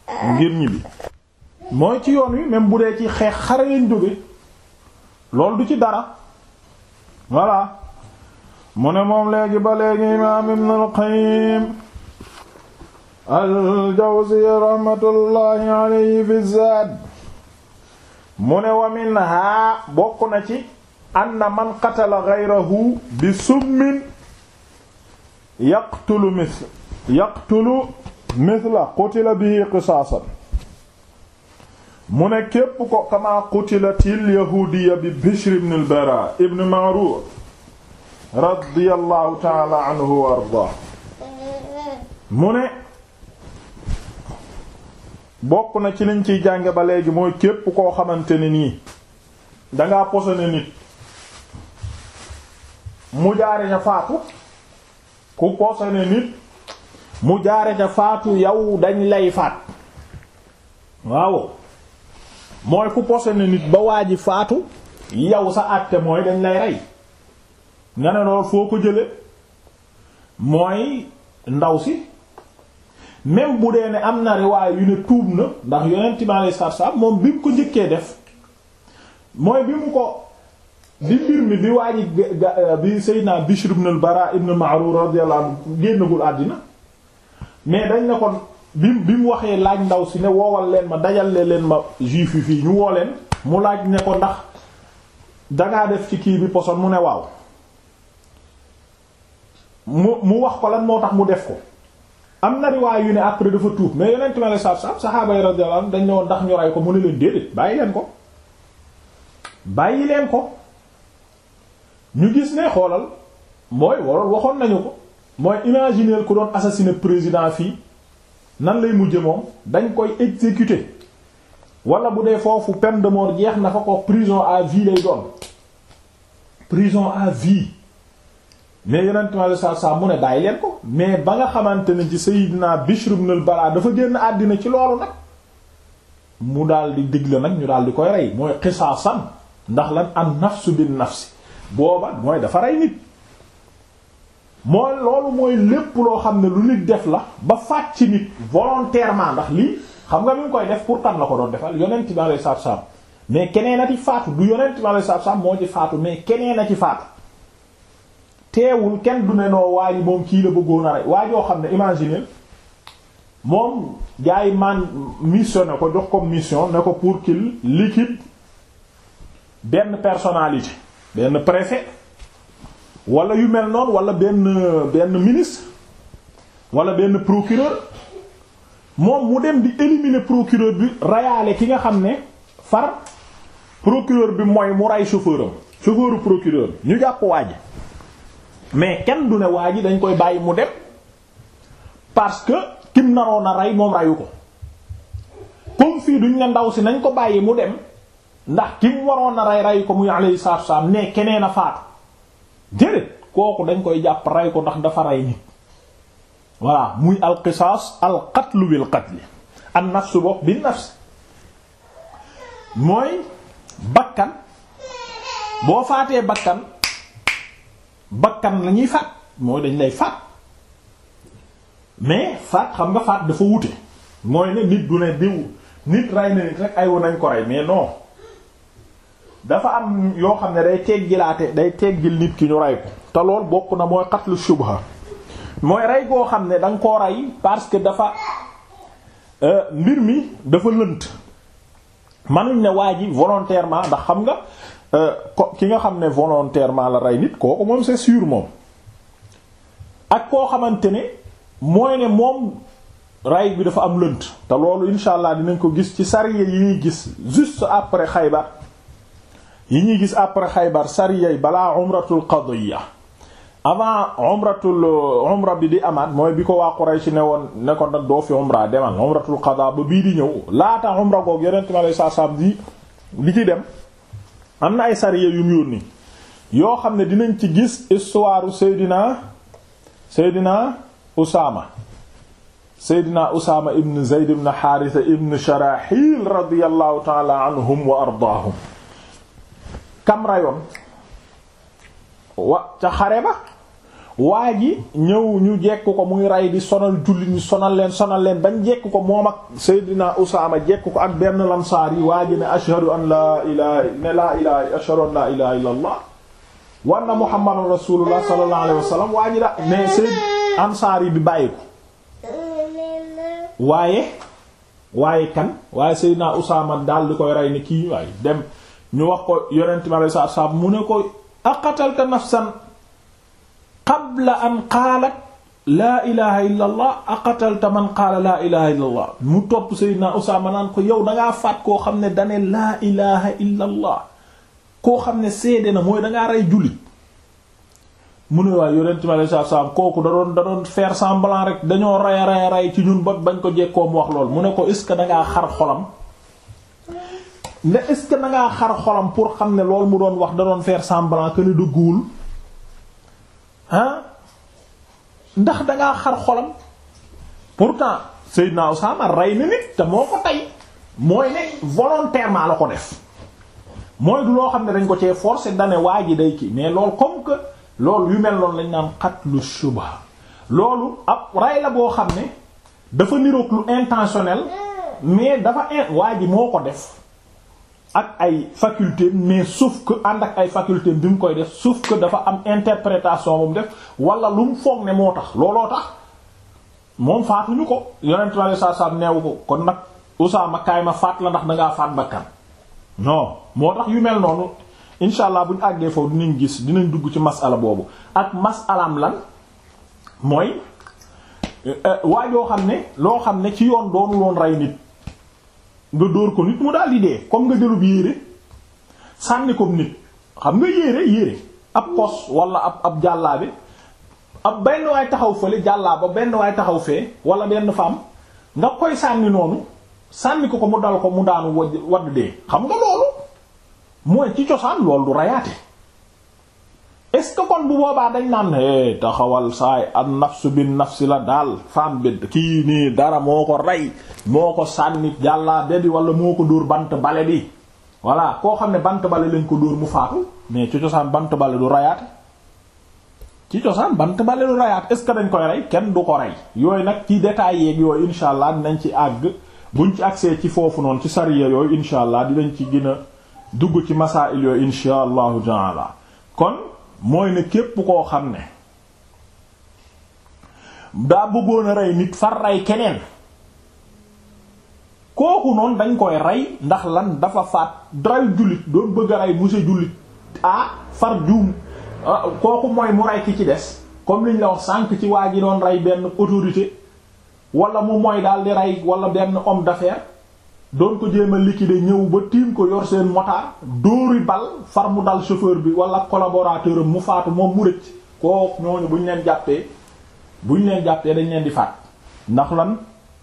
euh, ngir ñibbi mooy ci yoon wi même bu dee ci xeex xare ngeen jóge loolu du ci dara voilà mu ne moom léegi ba léegi imaam Ibn al-Qayyim al-Jawziyya rahmatullahi alayhi fi Zaad mu ne wa minhaa bokk na ci anna man qatala ghayrahu bi summin yaqtulu misl yaqtulu misla qutila bihi qisaasan mu ne képp ko kamaa qutilatil yahuudiya bi bishr ibn al ibn ma'rur radiyallahu taala anhu wa ardaa mu ne bokk na ci liñ ciy jànge ba léegi mooy képp koo xamante ne nii dangaa posone nit mu jaare ca faatu ku posone nit mu jaare ca faatu yow dañ lay faat waaw mooy ku posone nit ba waa ji faatu yow sa àtte mooy dañ lay rey nga ne lool foo ko jële mooy ndaw si même bu dee ne am na riwaay yu ne tuub na ndax yonent ma lay sarsam moom bi ko jëkkee def mooy bi mu ko bi mbir mi bi waa ji bi Seydina Bishr ibn al-Bara ibn Ma'rur radiyallahu anhu génnagul àddina mais dañ ne kon bi bi mu waxee laaj ndaw si ne woowal leen ma dajale leen ma juif yi fii ñu woo leen mu laaj ne ko ndax dangaa def ci kii bi poson mu ne waaw mu mu wax ko lan moo tax mu def ko am na riwaay yu ne après dafa tuub mais yeneen ma le sab sab saxaaba yi radiyallahu anhum dañ ne woon ndax ñu ko mu ne leen déedéet bàyyi leen ko bàyyi leen ko ñu gis ne xoolal mooy waroon waxoon nañu ko mooy imaginer ku doon assasine président fii nan lay mujje moom dañ koy exécuter wala bu dee foofu peine de mort jeex na fa ko prison à vie lay doon prison à vie mais yonent ma saa saa mu ne bàyyi leen ko mais ba nga xamante ne ci Seydina Bishr ibn al-Bara dafa génn àddina ci loolu nag mu daal di digle nag ñu daal di koy rey mooy xisaasan ndax lan an nafsu bin si booba mooy dafa rey nit mooy loolu mooy lépp loo xam ne lu nit def la ba fàcc nit volontairement ndax lii xam nga mi ngi koy def pour tam la ko doon defal yonent bi alayhi salaatu salaam mais keneen a ci faatu du yonent bi alayhi salaatu salaam moo ci faatu mais keneen a ci faatu teewul kenn du ne noo waa ji moom kii la bëggoon a rey waa joo xam ne imaginer moom gars yi man missionné ko jox ko mission ne ko pour qu'il liquide benn personnalité benn préfet. wala yu mel noonu wala benn benn ministre walla benn procureur moom mu dem di éliminer procureur bi rayaale ki nga xam ne far procureur bi mooy mu ray chauffeur am chauffeuru procureur bi ñu jàpp waa ji mais kenn du ne waa yi dañ koy bàyyi mu dem parce que kim naroon na rey moom rayu ko comme fii duñ ne ndaw si nañ ko bàyyi mu dem ndax kim waroon na rey rayu ko muy alayhi salaatu wasalaam ne keneen a faatu déedéet kooku dañ koy jàpp rey ko ndax dafa rey nit voilà muy al qisaas al qatlu bil qatli an nafsu bokk bi nafs mooy bakkan boo faatee bakkan bakkan lañuy faat mooy dañ lay faat mais faat xam nga faat dafa wute mooy ne nit du ne diw nit rey na nit rek ay woon nañ ko rey mais non dafa am yoo xam ne day gilaate day teggil nit ki ñu rey ko te lool bokk na mooy xatlu shubha mooy rey goo xam ne danga nga koo rey parce que dafa euh, mbir mi dafa lënt manuñ ne waa ji volontairement ndax xam nga euh, ki nga xam ne volontairement la rey nit kooku moom c'est sûr moom ak koo xamante ne mooy ne moom rey bi dafa am lënt te loolu insha allah dinañ ko gis ci sariya yi ñuy gis juste après Xaybar yi ñuy gis après xaybar sariya yi balaa umratul qadiyya avant umratul umra bi di amaat mooy bi ko waa Quraysh ne woon ne ko nag doo fi umra demal umratul qadaa ba bii di ñëw laata umra goog yeneen ma lay saasaam di di ci dem am na ay sariya yu mu yónni yoo xam ne dinañ ci gis histoire Seydina Seydina Usaama Seydina Usaama ibn Zayd ibn Haarisa ibn Sharaxiil radiyallahu taala anhum wa ardaahum kam rayoon wa ca xare ba waa ji ñëw ñu jekk ko muy ray di sonal julli ñu sonal leen sonal leen bañ jekk ko moom ak Seydina Usaama jekk ko ak benn lamsaar yi waa ji ne ashhadu an laa ilaha ne laa ilaha ashhadu an laa ilaha illa allah bi bàyyi waaye waaye kan waaye Seydina Usaama daal di koy rey ne kii waaye dem ñu wax ko yonent mi alei mu ne ko aqatalta nafsan qabla an qaalat laa ilaha illa allah aqatalta man qaala laa ilaha illa mu topp sayyidina Usaama naan ko yow dangaa faat koo xam ne dane laa ilaha koo xam ne seede na mooy dangaa rey jullit mu ne waaye yonent mi alei satu salaam kooku da doon da doon faire semblant rek dañoo rey rey rey ci ñun ba bañ ko jekkoo mu wax lool mu ne ko est-ce que dangaa xar xolam ne ce que da xar xolam pour xam ne loolu mu doon wax da doon faire semblant que ne ndax da ngaa xar xolam pourtant Seydina Usaama rey na nit te moo ko tey mooy ne volontairement la ko def mooy du loo xam ne dañ ko cee forcer dane waa ji day kii mais loolu comme que loolu yu mel noonu lañ naan xatlu shubha loolu ab rey la boo xam ne dafa niroog lu intentionnel mais dafa waa ji moo ko def. ak ay faculté mais sauf que ànd ak ay faculté bi mu koy def suuf que dafa am interpretation bu mu def wala lu mu foog ne moo tax looloo tax moom faatuñu ko yonent Yàlla saa saa neewu ko kon nag Usaama kaay ma faat la ndax dangaa faat bakkan non moo tax yu mel noonu incha allah bu ñu àggee foofu dinañ gis dinañ dugg ci masala boobu ak masalaam lan mooy yoo euh, euh, xam ne loo xam ne ci yoon doonu loon rey nit nga dóor ko nit mu daal di dee comme nga jëlub yére sànni ko nit xam nga yére yére ab pos wala ab ab jàllaabe ab benn waay taxaw fële jàllaaba benn waay taxaw fee wala benn femme nga koy sànni noonu sànni ko ko mu dal ko mu daanu wadd dee xam nga loolu mooy ci cosaan loolu du rayaate est-ce que kon bu boobaa dañ naan eh taxawal saay an bi bin nafsi la daal femme bi kii nii dara moo ko rey moo ko sànni jàllaabe bi wala moo ko dóor bant bale bi wala koo xam ne bant bale lañ ko dóor mu faatu mais ci cosaan bant bale du rayaat ci cosaan bant bale du rayaat est-ce que dañ koy rey kenn du ko rey yooyu nag ci détails yeeg yooyu insha allah dinañ ci àgg buñ ci accès ci foofu noonu ci sariya yooyu insha allah dinañ ci gën dugg ci masaa'il yooyu insha allahu taala mooy ne képp koo xam ne daa bëggoon a rey nit far rey keneen kooku noonu dañ koy rey ndax lan dafa faat rey jullit doon bëgg a rey monsieur jullit ah far juum kooku mooy mu rey ki ci des comme liñ la wax sànq ci waa ji doon rey benn autorité walla mu mooy daal di rey wala benn om d'affaires doon ko jéem a liquider ñëw ba tiim ko yor seen motard dóori bal far mu dal chauffeur bi wala collaborateur mu faatu moom mu rëcc koo ñooñu buñ leen jàppee buñ leen jàppee dañ leen di faat ndax lan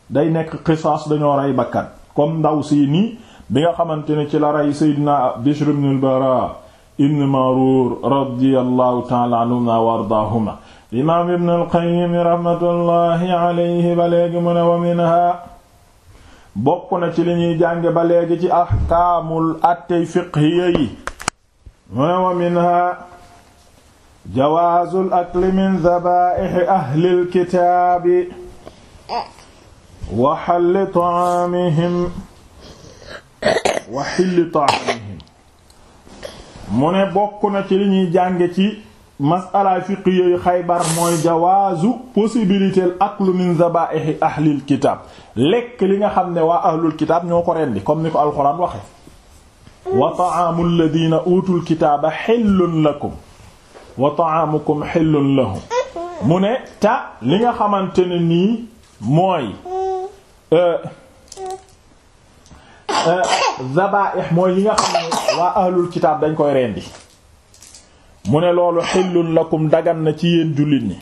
day nekk xisaas dañoo rey bakkan comme ndaw sii nii bi nga xamante ne ci la rey Seydina Bishr ibn al-Bara ibn Marur radiyallahu ta'ala anhuma wa ardaahuma imaam ibn al-Qayyim rahmatullahi ba léegi mu ne wa minha bokk na ci li ñuy jànge ba léegi ci ahkaamul attey fiqhiya yi mu ne wa minha jawaazul akli min dabaaixi ahlil kitaabi wa xalli taamihim wa xilli taamihim ci li ñuy ci masala fiqiyey xaybar mooy jawaazu possibilité aklu min zabaihi ahlil kitab lekk li nga xam ne waa ahlul kitab ñoo ko rendi comme ni ko alxuraan waxe wa taamu alladina utul kitaaba xillun lakum wa taamukum xillun lahum mu ne ta li nga xamante ne nii mooy euh, euh, zabaih mooy yi nga xam ne waa ahlul kitab dañ koy rendi mu ne loolu xillul lakum dagan na ci yéen jullit ñi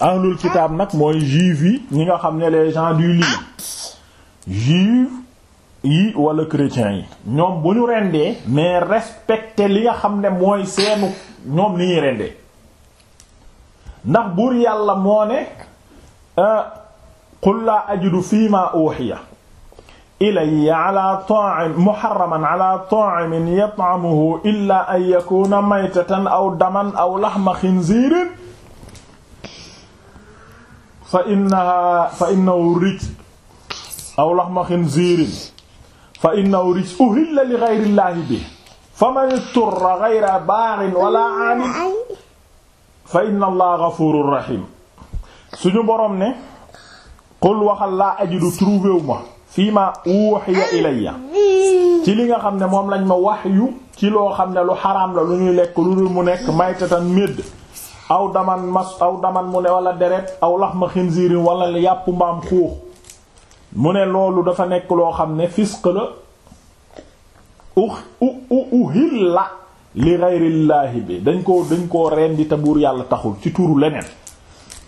ahlul kitaab nag mooy juif yi ñi nga xam ne les gens du livre juif yi wala chrétiens yi ñoom bu ñu rendee mais respecter li nga xam ne mooy seenu ñoom li ñuy rendee ndax buur yàlla moo ne ah, qul laa ajidu fii ma ilayya ala ta'im muharraman ala ta'imin yat'amuhu illa an yakuna maytatan aw daman aw lahma khinzirin fa innaha fa innahu rij aw lahma khinzirin fa innahu rij uhilla li ghayri llahi bihi faman ittaqa ghayra baghin wala 'adin fa inna allaha ghafurur rahim suñu borom ne qul waxal laa ajidu trouvéwuma fii ma uuhiya ya ci li nga xam ne moom lañ ma wahyu ci loo xam ne lu xaraam la lu ñuy lekk lu dul mu nekk maytatan médd aw daman mas aw daman mu ne wala deret aw lax lahma xinziirin wala yàpp mbaam xuux mu ne loolu dafa nekk loo xam ne fisq la u u uhil la li gayrillaahi bi dañ ko dañ koo rendi te buur yàlla taxul ci turu leneen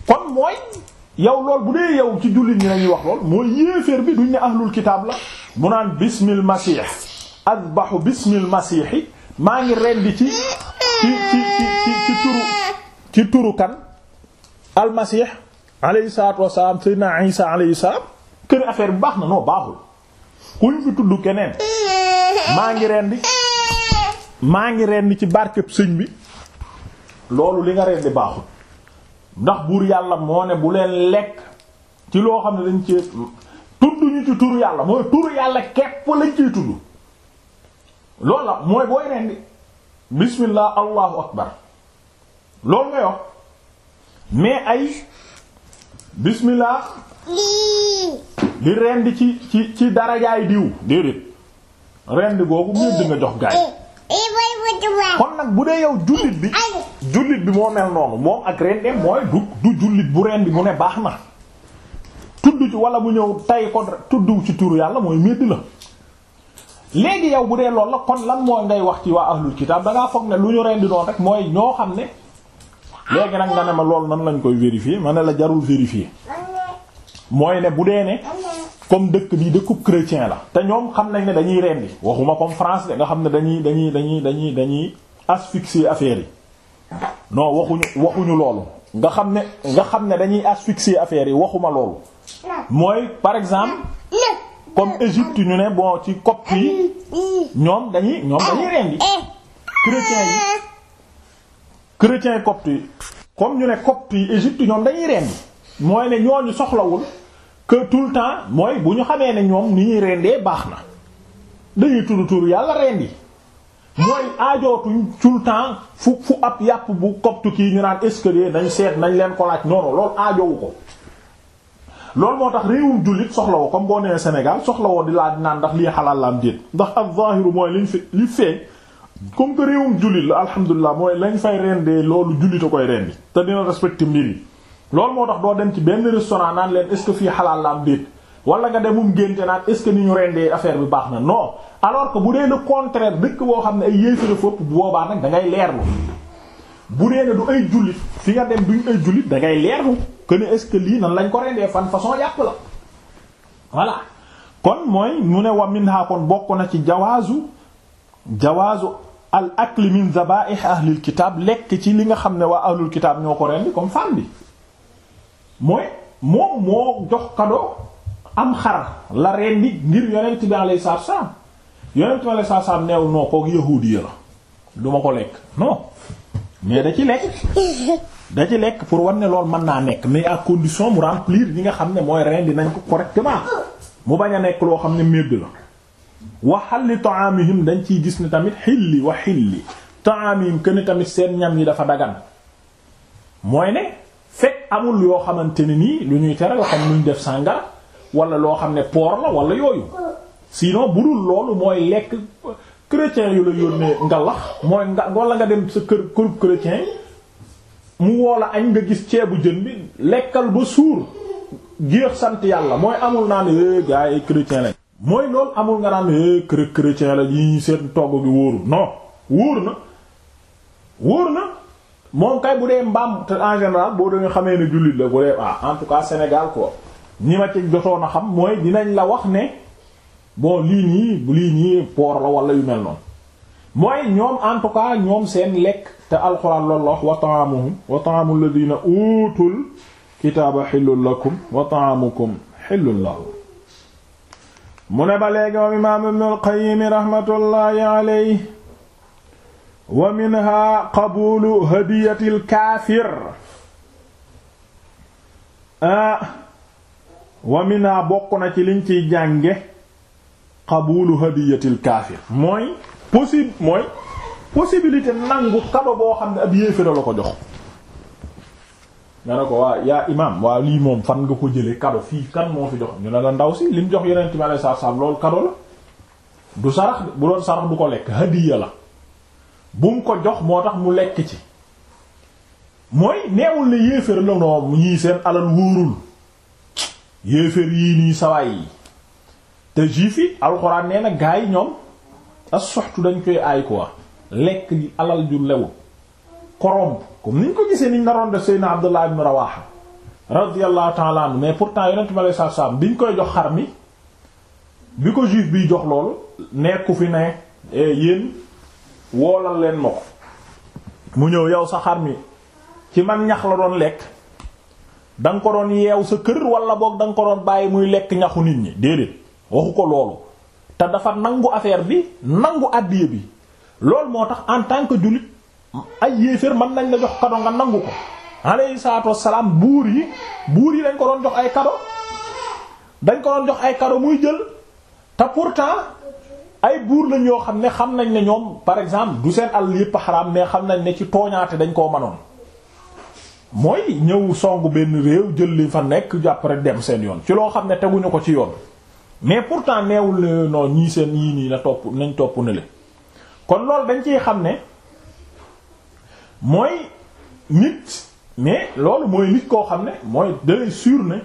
kon mooy yow lool bu dee yow ci jullit ñi lañuy wax lool mooy yéeféer bi duñ ne ahlul kitaab la mu naan bismil masih azbahu bismil masihi maa ngi rendi ci ci ci ci turu ci turu kan almasih alayhi salaatu wassalaam sayyidina isa alayhi salaam kër affaire bi baax na non baaxul kuñ fi tudd keneen maa ngi rendi maa ngi rendi ci barkeb sëñ bi loolu li nga rendi baaxul ndax buur yàlla moo ne bu leen lekk ci loo xam ne dañ cee tudd ñu ci tur yàlla mooy turu yàlla képp lañ ciy tudd loolu la mooy booy rendi bismillah allahu akbar loolu nga yox mais ay bismillah di rendi ci ci ci darajaay diw déedéet rendi googu mu di jox gaay kon nag bu dee yow jullit bi jullit bi moo mel noonu moom ak ren dem mooy du du jullit bu ren bi mu ne baax na tudd ci wala mu ñëw tay ko tudd ci turu yàlla mooy médd la léegi yow bu dee lool la kon lan moo ngay wax ci waa ahlul kitaab dangaa foog ne lu ñu rendi doon rek mooy ñoo xam ne léegi nag nga ne ma loolu nan lañ koy vérifier ma ne la jarul vérifier mooy ne bu dee ne comme dëkk bi dëkkub chrétien la te ñoom xam nañ ne dañuy rendi waxuma comme France de nga xam ne dañuy dañuy dañuy dañuy dañuy asphyxier affaire yi non waxuñu waxuñu loolu nga xam ne nga xam ne dañuy asphyxier affaire yi waxuma loolu mooy par exemple comme Égypte ñu ne bon ci copte yi ñoom dañuy ñoom dañuy rendi chrétiens yi chrétiens copte yi comme ñu ne copte yi Égypte ñoom dañuy rendi mooy ne ñooñu soxlawul que tout le temps mooy bu ñu xamee ne ñoom ni ñuy rendee baax na dañuy tudd tur yàlla rendi mooy aajootuñ tout le temps fu fu ab yàpp bu koptu kii ñu naan escalier nañ seet nañ leen ko laaj noonu loolu aajowu ko loolu moo tax réewum jullit soxla woo comme nee Sénégal soxla woo di laaj naan ndax lii xalaal la am déet ndax az-zaahiru mooy liñ li feeñ comme que réewum jullit la alhamdulilah mooy lañ fay rendee loolu jullit a koy rendi te dina respecté mbir yi loolu moo tax doo dem ci benn restaurant naan leen est-ce que fii xalaal la am déet wala nga demum génte naan est-ce que ni ñu rendee affaire bi baax na non alors que bu dee le contraire dëkk boo xam ne ay yéefara fopp bu boobaa nag da ngay leerlu bu dee ne du ay jullit fi nga dem duñ ay jullit da ngay leerlu que ne est-ce que lii nan lañ ko rendee fan façon yàpp la voilà kon mooy mu ne wa minha kon bokk na ci jawaazu jawaazu al akli min zabaih ahlul kitab lekk ci li nga xam ne waa ahlul kitab ñoo ko rendi comme fan bi mooy moom moo jox kado am xar la rendi ngir yonent bi alayhi salaatu salaam yonent bi alayhi salaatu salaam neew noo kook yahuudi la du ma ko lekk non mais da ci lekk da ci lekk pour war ne lool mën naa nekk mais ak condition mu remplir li nga xam ne mooy rendi nañ ko correctement mu bañ a nekk loo xam ne médd la waxalli ta'amihim dañ ciy gis ni tamit xilli wa xilli ta'amihim que ni tamit seen ñam yi dafa dagan mooy ne fekk amul yoo xamante ne nii lu ñuy tere la xam luñ def sàngara wala loo xam ne poor la wala yooyu sinon bu dul loolu mooy lekk chrétien yu la yónnee nga lax mooy nga wala dem sa kër kër chrétien mu woola añ nga gis ceebu jën bi lekkal ba suur géex sant yàlla mooy amul naan é eh, gaa yi chrétien lañ mooy loolu amul nga naan eh, é kër chrétien la yi seen togg gi wóoru no wóor na wóor na moom kay bu dee mbaam te en boo danga xamee ne jullit la bu dee ah en tout cas Sénégal quoi ñi ma ci jotoon a xam mooy dinañ la wax ne bon lii nii lii nii poor la wala yu mel noonu mooy ñoom en tout cas ñoom seen lekk te alxuraan loolu la wax wa ta'amuhum wa ta'amu alladhina utul kitaaba xillul lakum wa ta'amukum xillul lahum mu ne ba léegi moom imaam ibnul qayyim rahmatullahi alayhi wa minha qabulu hadiyatil kaafir ah, wa minha bokk na ci liñ ciy jànge qabulu hadiyatil kaafir mooy possible mooy possibilité nangu kado boo xam ne ab yéeféra la ko jox nga ne ko waa yaa imaam waa lii moom fan nga ko jële kado fii kan moo fi jox ñu ne la ndaw si li jox yeneen ci ma lay saab saab loolu kado la du sarax bu doon sarax du ko lekk hadiya la bu mu ko jox moo tax mu lekk ci mooy neewul ne yéeféer la noo bu ñii seen alal wóorul yéeféer yii nii sawaay yi te juif yi alxuraan nee na gaa yi ñoom as soxtu dañ koy aay quoi lekk li alal ju lewul koromb comme niñ ko gisee niñ naroon def Seydina Abdullah ibn Rawaha radiyallahu ta'ala anhu mais pourtant yonent bi alayhi salaatu salaam biñ koy jox xar mi bi ko juif biy jox loolu nekku fi ne eh, yéen woolal leen ma ko mu ñëw yow sa xar mi ci man ñax la doon lekk da ko doon yeew sa kër walla boog danga nga ko doon bàyyi muy lekk ñaxu nit ñi déedéet waxu ko loolu te dafa nangu affaire bi nangu àddiya bi loolu moo tax en tant que jullit ay yéeféer mën nañ la jox kado nga nangu ko alayhi salaatu buur yi buur yi dañ ko doon jox ay kado dañ ko doon jox ay kado muy jël te pourtant ay buur lañ yoo xam ne xam nañ ne ñoom par exemple du seen àll yëpp xaraam mais xam nañ ne ci tooñaate dañ koo manoon mooy ñëw songu benn réew jël li fa nekk jàpp rek dem seen yoon ci loo xam ne teguñu ko ci yoon mais pourtant neewul non ñii seen yii nii na topp nañ topp na le kon loolu dañ ciy xam ne mooy nit mais loolu mooy nit koo xam ne mooy dalay sûr ne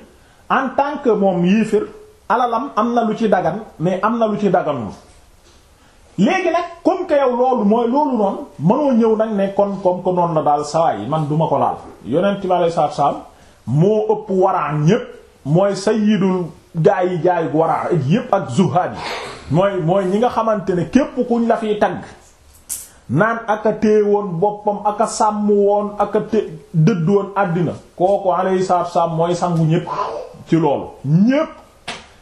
en tant que moom yéefér alalam am na lu ci dagan mais am na lu ci lu léegi nag comme que yow loolu mooy loolu noonu mënoo ñëw nag ne kon comme que noonu la daal saa yi man duma ko laal yonent bi aleyhi salaatu moo ëpp waraan ñépp mooy sayyidul gaa yi jaay waraan ak yépp ak zuhaad mooy ñi nga xamante ne képp kuñ la fiy tagg naan aka téye woon boppam aka sàmm woon aka té dëdd woon àddina kooku aleyhi salaatu mooy sangu ñépp ci loolu ñépp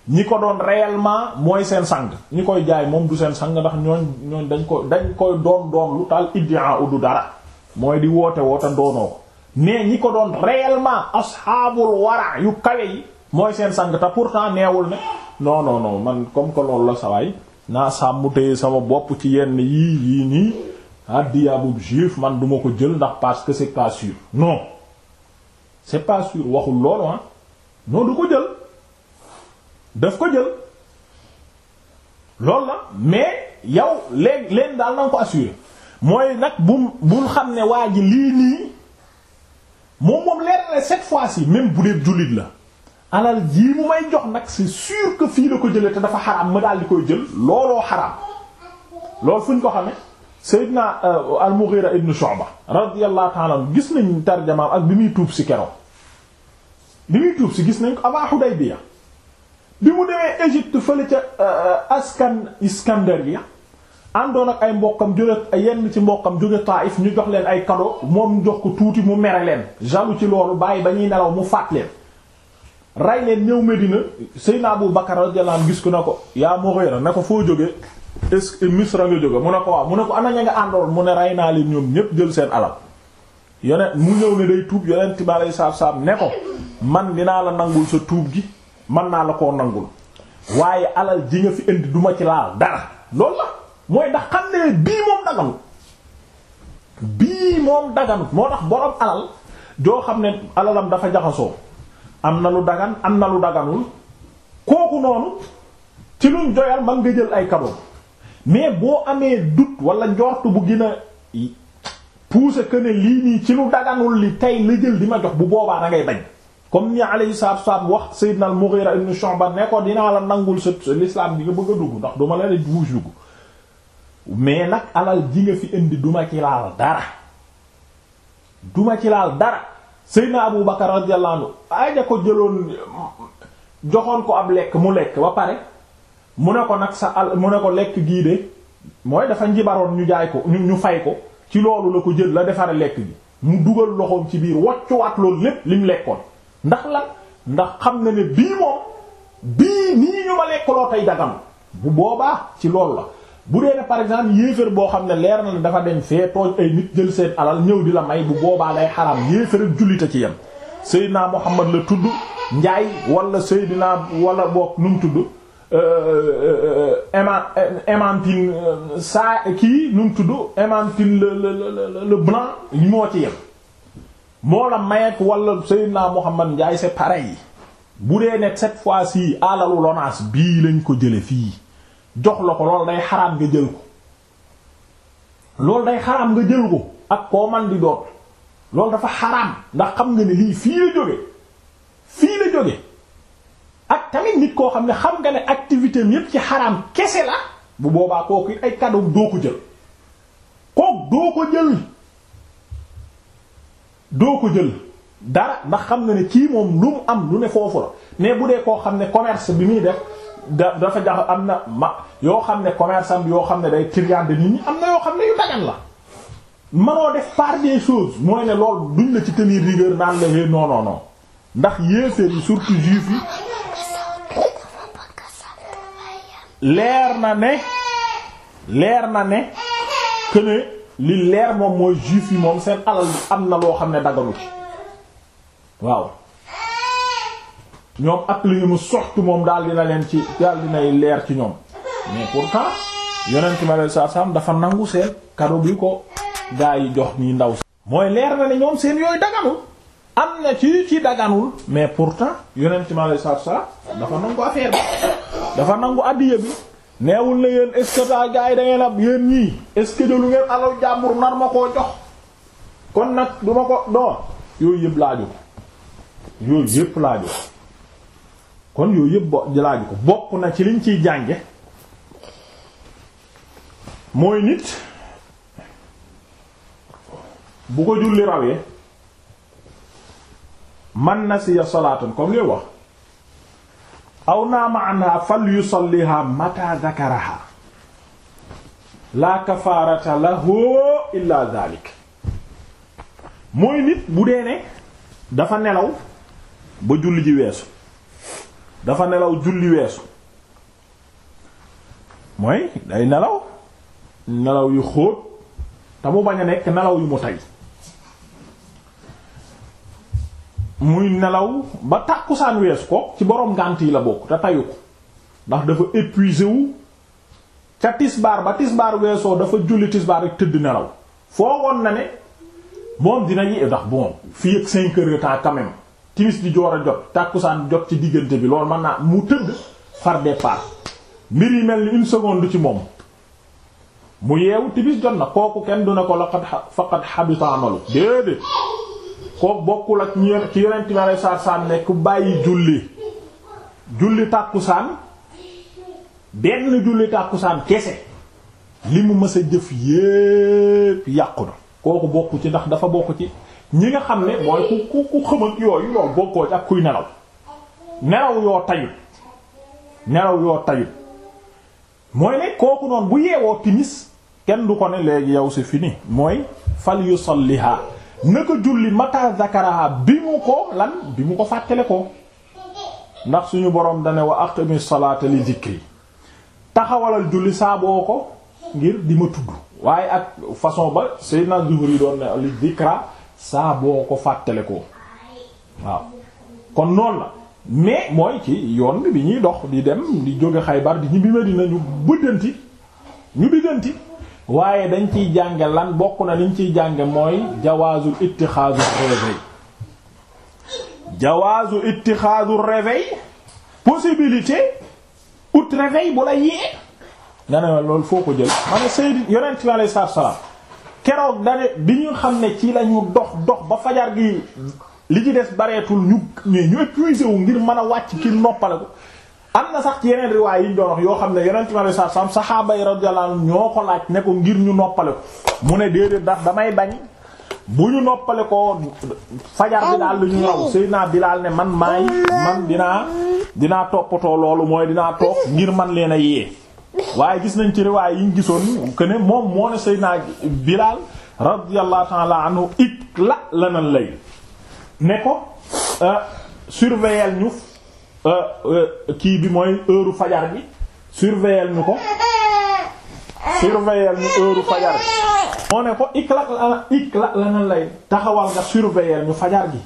ñi ko doon réellement mooy seen sang ñi koy jaay moom du seen sang ndax ñooñ ñooñ dañ ko dañ koy doon doon lu tal iddia udu dara mooy di woote woote ndoonoo ko mais ñi ko doon réellement asxaabul wara yu kawe yi mooy seen sang te pourtant neewul ne non non non man comme que loolu la sawaay naa sàmm téye sama bopp ci yenn yii yii nii àddiyaabub juif man duma ko jël ndax parce que c'est pas sûr non c'est pas waxul loolu ah non du ko jël daf ko jël loolu na mais yow léeg leen daal na ko assuré mooy nag bu bu xam ne waa ji lii nii moom moom leer na cette fois-ci même bu dee jullit la alal jii mu may jox nag c'est sûr que fii la ko jëlee te dafa xaraam ma daal di koy jël looloo xaraam loolu fu ñu ko xamee Seydina euh, al-Mughira ibn Shu'ba radiyallahu ta'ala gis nañ tarjamaam ak bi muy tuub si keroog bi muy tuub si gis nañ ko avant Hudaybiya bi mu demee Égypte fële ca euh, askan Iskandariya àndoon ak ay mbokkam jóge yenn ci mbokkam jóge Taif ñu jox leen ay cadeau moom jox ko tuuti mu mere leen jalu ci loolu bàyyi ba ñuy nelaw mu faat leen rey leen ñëw Medina na Abu Bakar radiyallahu anhu gis ko na ko yaa moo Mughira ne ko foo jóge est-ce que Misra nga jóge mu ne ko waaw mu ne ko ana ña nga àndoon mu ne rey naa leen ñoom ñépp jël seen alal yonent mu ñëw ne day tuub yonent bi alayhi salaam ne ko man dinaa la nangul tuub gi mën naa la ko nangul waaye alal ji nga fi indi duma ci laal dara loolu la mooy ndax xam ne bii moom daganut bii moom daganut moo tax borom alal joo xam ne alalam dafa jaxasoo am na lu dagan am na lu daganul kooku noonu ci luñ joyal man nga jël ay cadeau mais boo amee doute wala njort bu gina a pousser que lii nii ci lu daganul li tey li jël di ma jox bu boobaa da ngay bañ. comme ni alayhi salaatu wassalaam wax Seydina al-Mughira ibn Shu'ba ne ko dinaa la nangul sa l'islam bi nga bëgg a dugg ndax duma la ne buus dugg mais nag alal ji nga fi indi duma ci laal dara duma ci laal dara Seydina Abu Bakar radiyallahu anhu aja ko jëloon joxoon ko ab lekk mu lekk ba pare mu ne ko nag sa al mu ne ko lekk gii de mooy dafa njibaroon ñu jaay ko ñu fay ko ci loolu la ko jël la defare lekk gi mu dugal loxoom ci biir waccuwaat loolu lépp lim lekkoon ndax la ndax xam na ne bii moom bii nii ñu ma lekkaloo tey dagam bu boobaa ci loolu la bu dee ne par exemple yéefér boo xam ne leer na ne dafa dem fee tooñ ay nit jël seen alal ñëw di la may bu boobaa lay xaraam yéefér ak jullite ci yem Seydina Muhammad la tudd Njaay wala Seydina wala boog nu mu tudd éman euh, euh, émantine euh, saa kii nu mu tudd émantine le la le le blanc moo ci yem moo la mayek wala Seydina Muhammad Ndiaye c'est yi bu dee ne cette fois-ci alalu lonaas bii lañ ko jële fii jox la ko loolu day xaraam nga jël ko loolu day xaram nga jël ko ak koo man di doon loolu dafa xaram ndax xam nga ne lii fii la jóge fii la jóge ak tamit nit koo xam ne xam nga ne activité yëpp ci xaraam kese la bu boobaa kooku ay cadeau doo ko jël kooku doo ko jël doo ko jël dara ndax xam na ne kii moom lu mu am lu ne foofu la mais bu dee koo xam ne commerce bi muy def da dafa jax am na ma yoo xam ne commerce am yoo xam ne day triande nit ñi am na yoo xam ne yu dagan la manoo def part des mooy ne lool duñ la ci tenir rigueur naan la hé eh, non ndax yéeféer yi surtout juif yi leer na ne leer na ne que ne li leer moom mooy juif yi moom seen alal am na loo xam ne daganu ci waaw ñoom ak li mu soxtu moom daal dina leen ci daal dinay leer ci ñoom mais pourtant yonent mi alayhi salaatu salaam dafa nangu seen kado bi ko gaa yi jox nii ndaw si mooy leer na ne ñoom seen yooyu daganul am na ci ci daganul mais pourtant yonent mi alayhi salaatu salaam dafa nangu affaire bi dafa nangu addiya bi neewul na yéen est-ce yi da ngeen ab yéen ñii est ngeen alal jàmbur nar ma ko jox kon nag du ma ko non yooyu yëpp laaju ko yooyu yëpp laaju ko yooyu yëpp ko bokk na ci liñ ciy jànge mooy nit bu ko julli rawee man na si ya salaatan comme li wax aw naama anha fal yusalliha mata zakaraha la kafaarata lahu illa dhalik mooy nit bu dee ne dafa nelaw ba julli ji weesu dafa nelaw julli weesu mooy day nelaw nelaw yu xóot te mu bañ a nekk nelaw yu mu tay muy nelaw ba tàkkusaan weesu ko ci boroom ngànt yi la bokk te tayu ko ndax dafa épuisé wu ca tisbaar ba tisbaar weesoo dafa julli tisbaar rek tëdd nelaw foo woon na ne moom dina yi ndax bon fii ak cinq heures de temps quand timis di joor a jot tàkkusaan jot ci diggante bi loolu man naa mu tëdd far départ mbir yi mel ni une seconde ci moom mu yeewu timis jot na kooku kenn du ne ko laqad faqad habita amalu déedéet koo bokkul ak ñi ci yonent mi alayhi salaatu nekk bàyyi julli julli tàkkusaan benn julli tàkkusaan kese li mu mës jëf yépp yàqu na kooku bokku ci ndax dafa bokk ci ñi nga xam ne mooy ku ku ku xam yooyu yow bokkoo ci ak kuy nelaw nelaw yoo tayut nelaw yoo tayut mooy ne kooku noonu bu yeewoo timis kenn du ko ne léegi yow c'est fini mooy fal yusalliha na ko julli mata zakaraha bi mu ko lan bi mu ko fàttale ko ndax suñu borom dane wa aqimi salata li zikri taxawalal julli saa ko ngir di ma tudd waaye ak façon ba sayyidina Zuhri doon ne li zikra saa boo ko fàttale ko waaw kon noonu la mais mooy ci yoon bi ñuy dox di dem di jóge Xaybar di ñibbi Medina ñu bëddanti ñu biddanti waaye dañ ciy jànge lan bokk na liñ ciy jànge mooy jawaazu ittixaazu réveil jawaazu ittixaazu réveil possibilité ut réveil bu la yee nga ne loolu foo ko jël ma ne Seydou yonent bi alayhi salaam keroog dane bi ñu xam ne ci lañu dox dox ba fajar gi li ci des bareetul ñu ñu épuisé wu ngir mën a wàcc ki noppale am na sax ci yeneen riwaay yi ñu doon yoo xam ne yeneen ci ma saa sax saxaaba yi radiyallahu anhum ñoo ko laaj ne ko ngir ñu noppale ko mu ne déedéet ndax damay bañ bu ñu noppale ko fajar bi daal lu ñu raw Seydina Bilaal ne man maay man dinaa dinaa toppatoo loolu mooy dinaa toog ngir man leen a yee waaye gis nañ ci riwaay yi ñu gisoon que moom moo ne Seydina Bilaal radiyallahu ta'ala anhu ik la lanal lay ne ko euh, surveiller ñu Euh, euh, kii bi mooy heure fajar bi surveiller ñu ko surveiller ñu heure fajar bi moo ne ko iklak la iklak lana lay taxawal nga surveiller ñu fajar gi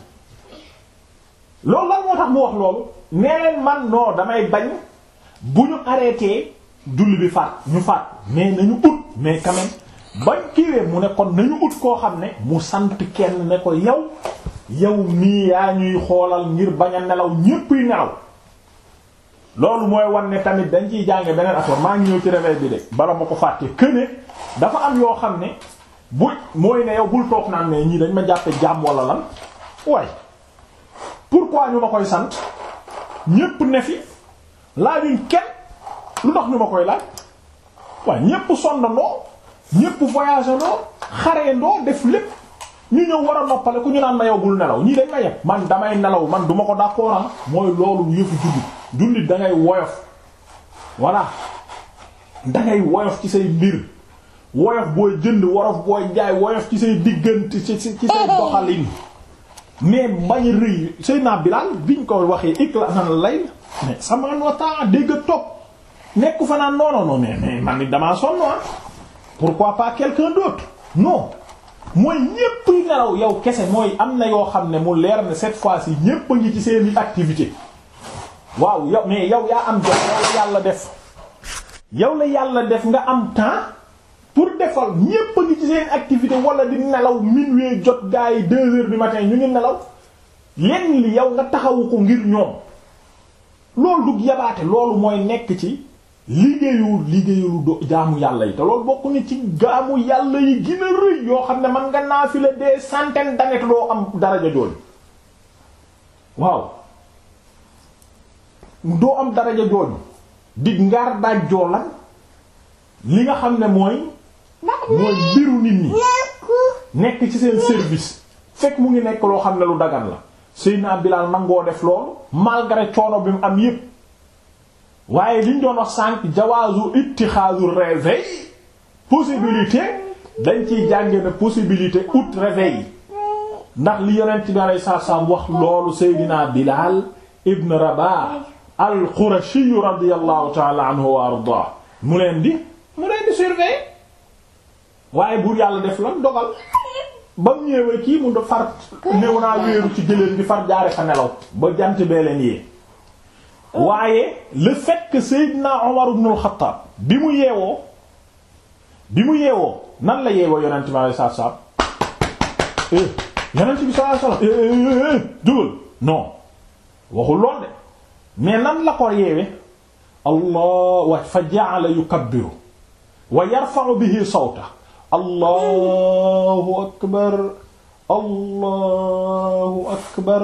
loolu lan moo tax mu wax loolu nee man non damay bañ bu ñu arrêté julli bi faat ñu faat mais nañu ut mais quand même bañ kiiwee mu ne kon nañu ut koo xam ne mu sant kenn ne ko yow yow nii yaa ñuy xoolal ngir bañ a nelaw ñéppuy nelaw loolu mooy wan ne tamit dañ ciy jànge beneen affaire maa ngi ñëw ci réveil bi de bala ma ko fàtte que ne dafa am yoo xam ne bu mooy ne yow bul toog naan ne ñii dañ ma jàppe jàmm wala lan waaye pourquoi ñu ma sant ñépp ne fi laajuñ kenn lu tax ñu ma koy laaj waaye ñépp sondandoo ñépp voyageandoo xareendoo def lépp ñu ñëw war noppale ñu naan ma yow bul nelaw ñii dañ ma yem man damay nelaw man duma ko d'accord ah. mooy loolu yëfu juddu jullit da ngay woyof voilà dangay woyof ci say mbir woyof booy jënd worof booy jaay woyof ci say diggante ci ci say doxalin mais bañ rëy Seydina Bilaal biñ ko waxee ikla nan lay mais sama notaa dégg topp nekku fa naan non non non mais man it damaa sonn ah. pourquoi pas quelqu'un d'autre non ñépp nelaw yow kese mooy am na yoo xam ne mu leer ne cette fois yi ñépp a ngi ci seeni activité waaw yow mais yow yaa am jot yow la yàlla def yow la yàlla def nga am temps pour defal ñépp ngi ci seen activité walla di nelaw minuit jot gars yi deux bi ma matin ñu ngi nelaw lenn li yow nga taxawu ko ngir ñoom loolu du yabaate loolu mooy nekk ci liggéeyu liggéeyu do jaamu yàlla yi te loolu bokk ni ci jaamu yàlla yi gën rëy yoo xam ne man nga naafile des santen d'années loo am daraja jooju waaw doo am daraja jooju dig ngaar daaj joolan li nga xam ne mooy mooy mbiru nit ñi nekk ci seen service fekk mu ngi nekk loo xam ne lu dagan la Seydina Bilaal nangoo def loolu malgré coono bi mu am yépp waaye liñ doon wax sànq jawaazu ittixaazu réveil possibilité dañ ci jàngee na possibilité ut réveil ndax li yonent ci alayhi salaam wax loolu Seydina Bilaal ibn Rabah al-Qurashi radiyallahu ta'ala anhu wa ardaa mu leen di mu leen di surveiller waaye buur yàlla def lan dogal ba mu ñëwee kii mu da far néew naa ci gëléem gi far jaare nelaw ba jant bee leen yee waaye le fait que Seydina Omar ibn bi mu yeewoo bi mu yeewoo nan la yeewoo yonent bi sallallahu alayhi wasallam eh, yonent bi sallallahu alayhi wasallam eh, eh, dugal mais nan la ko yeewe allah fa ja'ala yukabbiru wa yarfa'u bihi sawta allahu akbar allahu akbar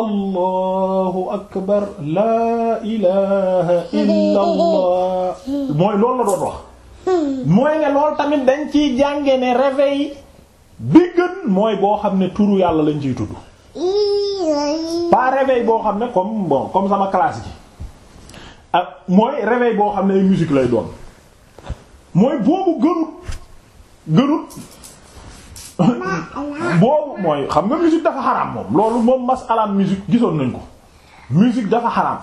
allahu akbar laa ilaha illa allah mooy loolu la doon wax mooy ne loolu tamit dañ ciy jànge ne réveil bi gën mooy boo xam ne turu yàlla lañ ciy tudd pas réveil boo xam ne comme bon comme sama classe gi ak ah, mooy réveil boo xam ne ay musique lay doon mooy boobu gërut gërut boobu mooy xam nga musique dafa xaraam moom loolu moom mas alam musique gisoon nañ ko musique dafa xaraam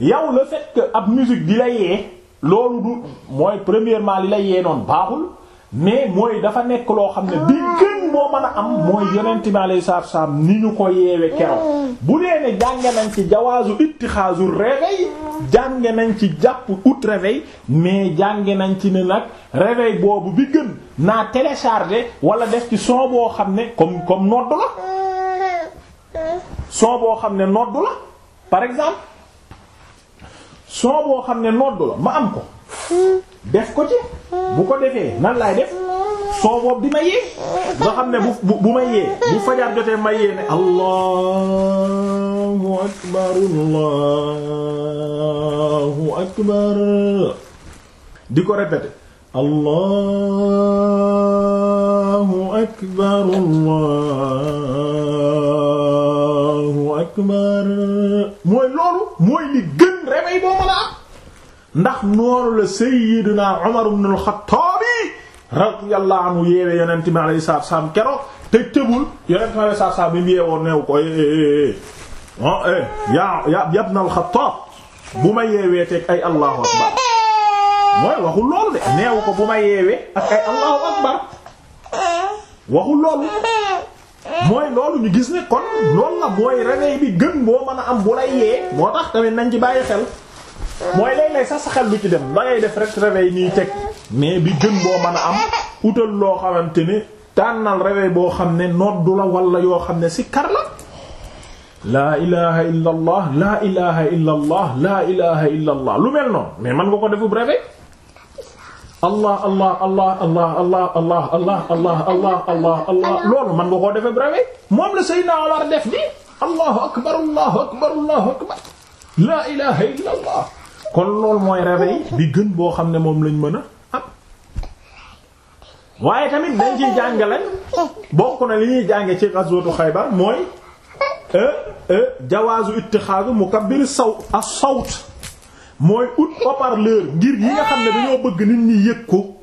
yow le fait que ab musique di la yee loolu du mooy premièrement li la yee noonu baaxul mais mooy dafa nekk loo xam ne bi ah. gën moo mën a am mooy yonent bi alayhi salaatu wassalaam ni ñu ko yeewe keroog mm. bu dee ne nañ ci jawaazu ittixaazu réveil jànge nañ ci jàpp ut réveil mais jànge nañ ci ne nag réveil boobu bi gën naa télécharger wala def ci son boo xam ne comme comme nodd la son boo xam ne nodd la par exemple son boo xam ne nodd la ma am ko mm. def ko ci bu ko defee nan laay def soo boobu di ma yee nga xam ne bu bu ma yee bu fajar jotee ma yee ne allahu akbar allahu akbar di ko répéter allahu akbar allahu akbar mooy loolu mooy li gën réveil boo mën a ndax noonu la sayyidina Umar ibn al-Khattab radiyallahu anhu yeewee yonent bi alayhi salaatu keroog te tëbul yonent bi alayhi salaatu bi mu yeewoon neew ko ah yaa yaa ibn al bu ma yeewee teg ay Allahu akbar mooy waxul loolu de neew ko bu ma yeewee ak ay Allahu akbar waxul loolu mooy loolu ñu gis ne kon loolu la mooy réveil bi gën boo mën a am bu lay yee moo tax tamit nañ ci bàyyi xel. mooy léeg-léeg sax sa xel bi ci dem da ngay def rek réveil nii teg mais bi gën boo mën a am utal loo xamante ni tànnal réveil boo xam ne noddu la wala yoo xam ne si kar la laa ilaha illa allah laa ilaha illa allah laa ilaha illa allah lu mel noonu mais man nga ko defub réveil allah allah allah allah allah allah allah allah allah allah allah loolu man nga koo defeb réveil moom la Seydina Omar def di allahu akbar allahu akbar allahu akbar laa ilaha illa allah kon loolu mooy réveil bi gën boo xam ne moom lañ mën a am waaye tamit dañ ciy jàngale bokk na li ñuy jànge ci ghazwatu Xaybar mooy e, e, jawaazu ittixaadu mukabbir saw as-sawt mooy ut haut-parleur ngir yi nga xam ne dañoo bëgg nit ñi yëg ko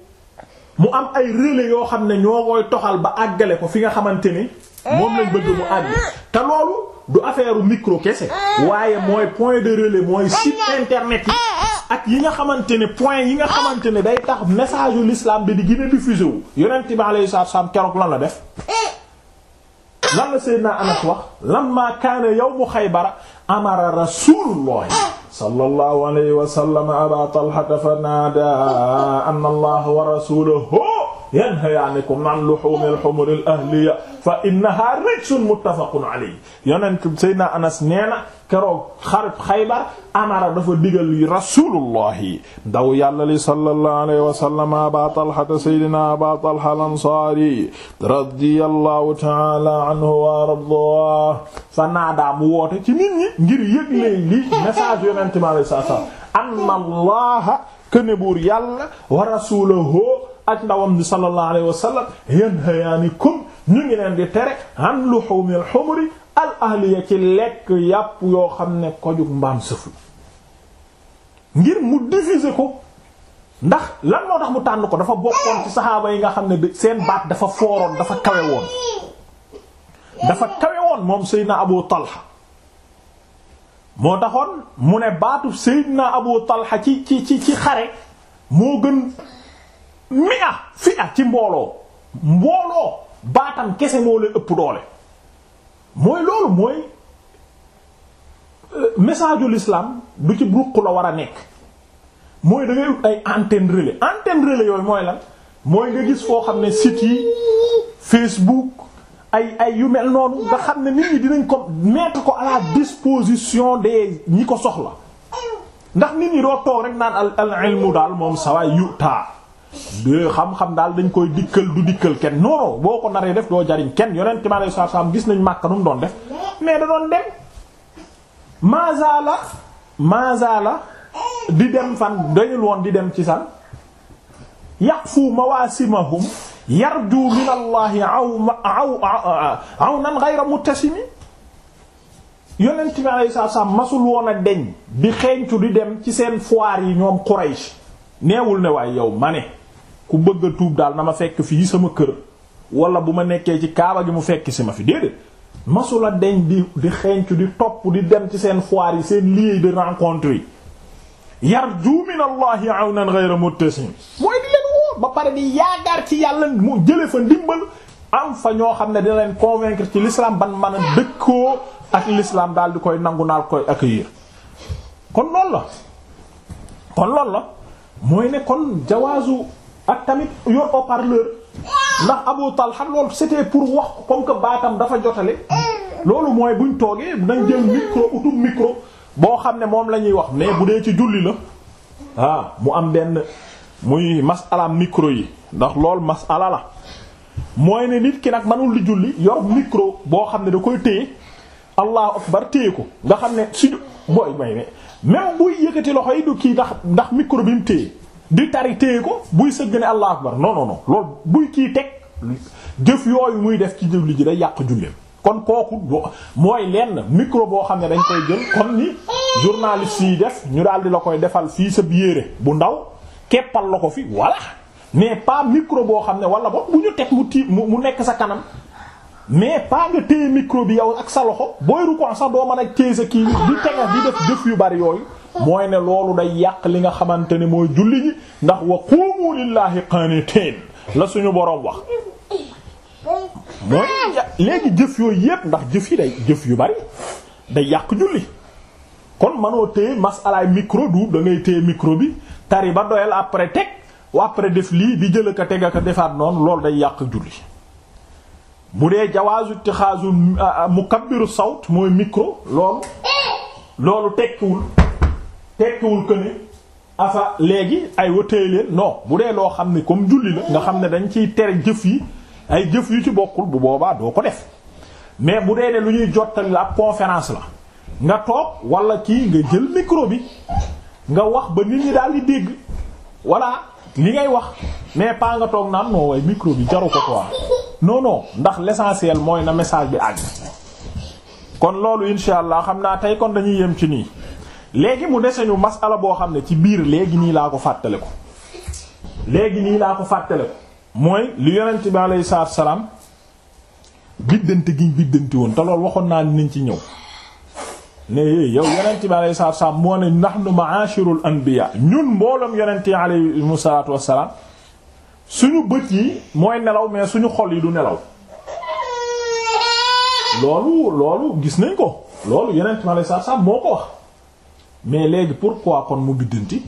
mu am ay relais yoo xam ne ñoo koy toxal ba àggale ko fi nga xamante ni moom lañ bëgg mu àgg te loolu du affaire micro kese eh. waaye mooy point de relais mooy site internet yi eh, eh. ak yi nga xamante ne point yi nga xamante ne day tax message yu l'islam bi di gën a diffusé wu yonent bi alayhi salaatu wasallam keroog lan la def lan la Seydina Anas wax lamma kaana yawmu Xaybar amara rasuulullahi sallallahu alayhi wa sallam aba Talha fa naada anna allaha wa rasuuluhu yanhayaanikum an luhumil humuril ahliya fa innaha rijsun muttafaqun alayhi yonent Seydina Anas nee na keroog xarib Xaybar amara dafa digal yi rasulullahi ndaw yàlla li sallallahu alayhi wa sallam Aba Talha Seydina Aba Talha al-Ansari radiyallahu ta'ala anhu wa ardaah fa naadaa mu woote ci nit ñi ngir yëgle li message yonent mi alayhi salaam anna Allaha kene buur yàlla wa rasuuluhu ak ndawam bi sallallahu alayhi wa sallam yanhayaanikum ñu ngi leen di tere an luhumil humri al ahliya ci lekk yàpp yoo xam ne kojug mbaam sëf ngir mu diffuser ko ndax lan moo tax mu tànn ko dafa bokkoon ci saxaaba yi nga xam ne seen baat dafa fooroon dafa kawe woon dafa kawe woon moom Seydina Abu Talha moo taxoon mu ne baatu Seydina Abu Talha ci ci ci ci xare moo gën mia fi a ci mbooloo mbooloo baatam kese moo leen ëpp doole mooy loolu mooy euh, message u lislaam du ci ruq la war a nekk mooy da ngay ut ay antenne relais antenne relais yooyu mooy lan mooy nga gis foo xam ne siti yi Facebook ay ay yu mel noonu nga xam ne nit ñi dinañ ko mettre ko à la disposition de ñi ko soxla ndax nit ñi doo toog rek naan al ilmu daal moom sawaay yutaa de xam-xam daal dañ koy dikkal du dikkal kenn non boo ko naree def doo jariñ kenn yonent mi alayhi salaatu salaam gis nañ Makka nu mu doon def mais da doon dem mazala mazala di dem fan dañul woon di dem ci san yaqfu mawasimahum yarju min allahi aw awnan ghayra muttasimi yonent mi masul woon a deñ di xeeñcu di dem ci seen foir yi ñoom Quraysh neewul ne waaye yow ma ne ku bëgg tuub daal na ma fekk fii sama kër wala bu ma nekkee ci kaaba gi mu fekk si ma fi déedéet masula deñ di di xencu di topp di dem ci seen foire yi seen lieu de rencontre yi yarju min allahi awnan ghayra muttasim mooy di leen wóor ba pare di yaakaar ci yàlla mu jële fa ndimbal am fa ñoo xam ne dina leen convaincre ci l'islam ban man a dëkkoo ak lislaam daal di koy nangu naal koy accueillir kon loolu la kon loolu la mooy ne kon jawaazu ak tamit yor au parleur ndax Abu Talha loolu c'était pour wax ko comme que baatam dafa jotale loolu mooy buñ toogee nañ jël micro utub micro boo xam ne moom la ñuy wax mais bu dee ci julli la ah mu am benn muy masala micro yi ndax loolu masala la mooy ne nit ki nag mënul di julli yor micro boo xam ne da koy téye allahu akbar téye ko nga xam ne si booy may ne même buy yëkkati loxo yi du kii ndax ndax micro bi mu téye di tari téye ko buy sëgg ne allah akbar non non non buy kii teg jëf yooyu muy def ci julli ji day yàq julleem kon kooku mooy lenn micro boo xam ne dañ koy jël comme ni journaliste yi def ñu daal la koy defal fii sa biére bu ndaw keppal la ko fi walla mais pas micro boo xam ne wala boog bu ñu teg mu tiim mu nekk sa kanam mais pas nga téye micro bi yow ak sa loxo booy rukkoo sax doo mën a téye sa kii di tega di def jëf yu bari yooyu mooy ne loolu day yàq li nga xamante ne mooy julli gi ndax wa qumu lillahi qanitin la suñu boroom wax mooy léegi jëf yooyu yépp ndax jëf yi day jëf yu bari day yàq julli kon manoo téye masalaay micro du da ngay téye micro bi tari ba doyal après teg wa après def lii di jël ka teg ak a defaat noonu loolu day yàq julli bu dee jawaazu mu ah, ah, mukabbiru sawt mooy micro loolu loolu tekkiwul tekkiwul que ne afa léegi ay watee leen non bu dee loo xam ne comme julli la nga xam ne dañ ciy tere jëf yi ay jëf yu ci bokkul bu boobaa doo ko def mais bu dee ne lu ñuy jottali la ab conférence la nga toog wala kii nga jël micro bi nga wax ba nit ñi daal di dégg voilà li ngay wax mais pas nga toog naan non waaye micro bi jaru ko quoi non non ndax l'essentiel mooy na message bi àgg. kon loolu insha allah xam naa tey kon dañuy yem ci nii léegi mu dese ñu masala boo xam ne ci biir léegi nii laa ko fàttale ko léegi nii laa ko fàttale ko mooy lu yonent bi alayhi salaam biddante giñ biddanti woon te loolu waxoon naa ni nañ ci ñëw. ne yéy yow yonent bi alayhi salaatu wasalaam moo ne nahnu ma'ashirul anbiya ñun mbooloom yonent yi alayhi salaatu wasalaam suñu bët yi mooy nelaw mais suñu xol yi du nelaw loolu loolu gis nañ ko loolu yonent bi alayhi salaatu wasalaam moo ko wax mais léegi pour pourquoi kon mu biddanti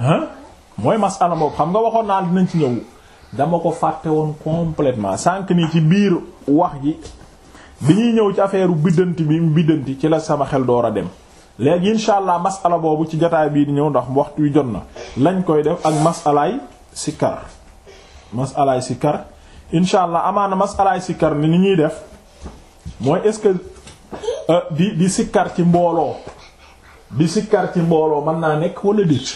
ah mooy masala boobu xam nga waxoon naa dinañ ci ñëw dama ko fàtte woon complètement sànq nii ci biir wax ji bi ñuy ñëw ci affaire biddanti bi mu biddanti ci la sama xel door a dem léegi incha allah masala boobu ci jataay bii di ñëw ndax waxtu wi jot na lañ koy def ak masalaay sikkar masalaay sikkar incha allah amaana masalaay sikkar ni ni ñuy def mooy est-ce que euh, di di sikkar ci mbooloo di sikkar ci mbooloo mën naa nekk wala déet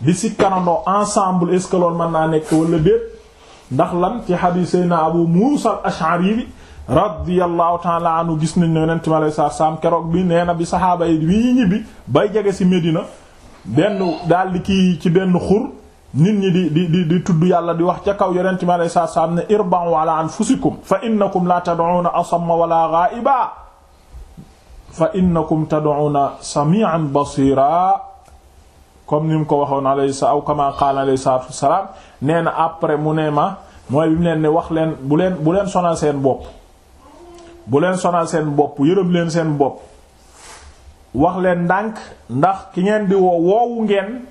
di sikkarandoo ensemble est-ce que loolu mën naa nekk wala déet ndax lan ci xadiis Seydina Abu Muusa al-Ash'ari bi radiyallahu taala anhu gis nañ ne yonent mi alayhi salaatu salaam keroog bi nee na bi saxaaba yi bi ñibbi bay jege ci Medina benn daal di kii ci benn xur nit ñi di di di di tudd yàlla di wax ca kaw yonent mi alayhi salaatu salaam ne irba'u ala anfusikum fa innakum la tad'una asamma wala ghaiba fa innakum tad'una sami'an basira comme ni mu ko waxoon alayhi sa aw kama qaala alayhi salaatu wassalaam nee na après mu ne ma mooy bi mu leen ne wax leen bu leen bu leen sonal seen bopp bu leen sonal seen bopp yërëm leen seen bopp wax leen ndànk ndax ki ngeen di woo woowu ngeen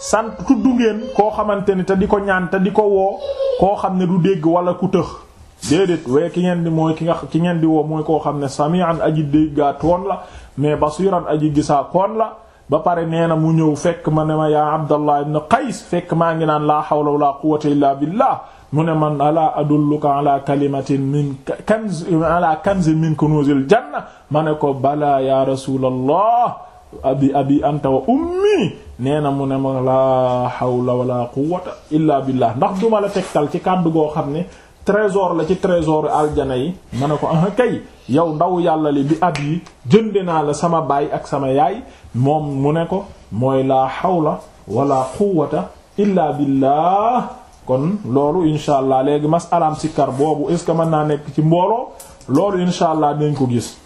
sant tudd ngeen koo xamante ni te di ko ñaan te di ko woo koo xam ne du dégg wala ku tëx déedéet waaye ki ngeen di mooy ki nga ki ngeen di woo mooy koo xam ne sami'an aji déggaatoon la mais basiran aji gisaakoon la ba pare nee na mu ñëw fekk ma ne ma yaa abdallah ibn qays fekk maa ngi naan laa hawla wala quwwata illa billah mu ne man ala adulluka ala kalimatin min kanz ala kanzin min kunuzil janna ma ne ko bala ya rasulallah abi abi anta wa ummi nee na mu ne ma laa hawla wala quwwata illa billah ndax duma la tegtal ci kàddu goo xam ne trésor la ci trésor aljana yi ma ne ko ah kay yow ndaw yàlla li bi ab yi jënde naa la sama baay ak sama yaay moom mu ne ko mooy laa xawla wala quwwata illa billah kon loolu incha allah léegi masalaam sikkar boobu est ce que mën naa nekk ci mbooloo loolu incha allah dinañ ko gis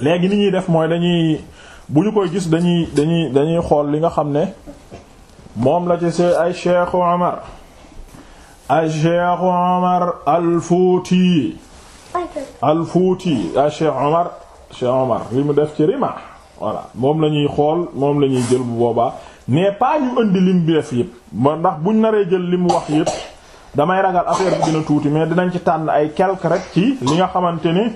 léegi ni ñuy def mooy dañuy bu ñu koy gis dañuy dañuy dañuy xool li nga xam ne moom la ci see ay Cheikh Omar a cheikh omar alfuuti alfuuti a cheikh omar cheikh omar li mu def ci rima voilà moom la ñuy xool moom la ñuy jël bu boobaa mais pas ñu indi lim bi def yëpp ma ndax buñ naree jël li mu wax yëpp damay ragal affaire bi dina tuuti mais dinañ ci tànn ay quelque rek ci li nga xamante ni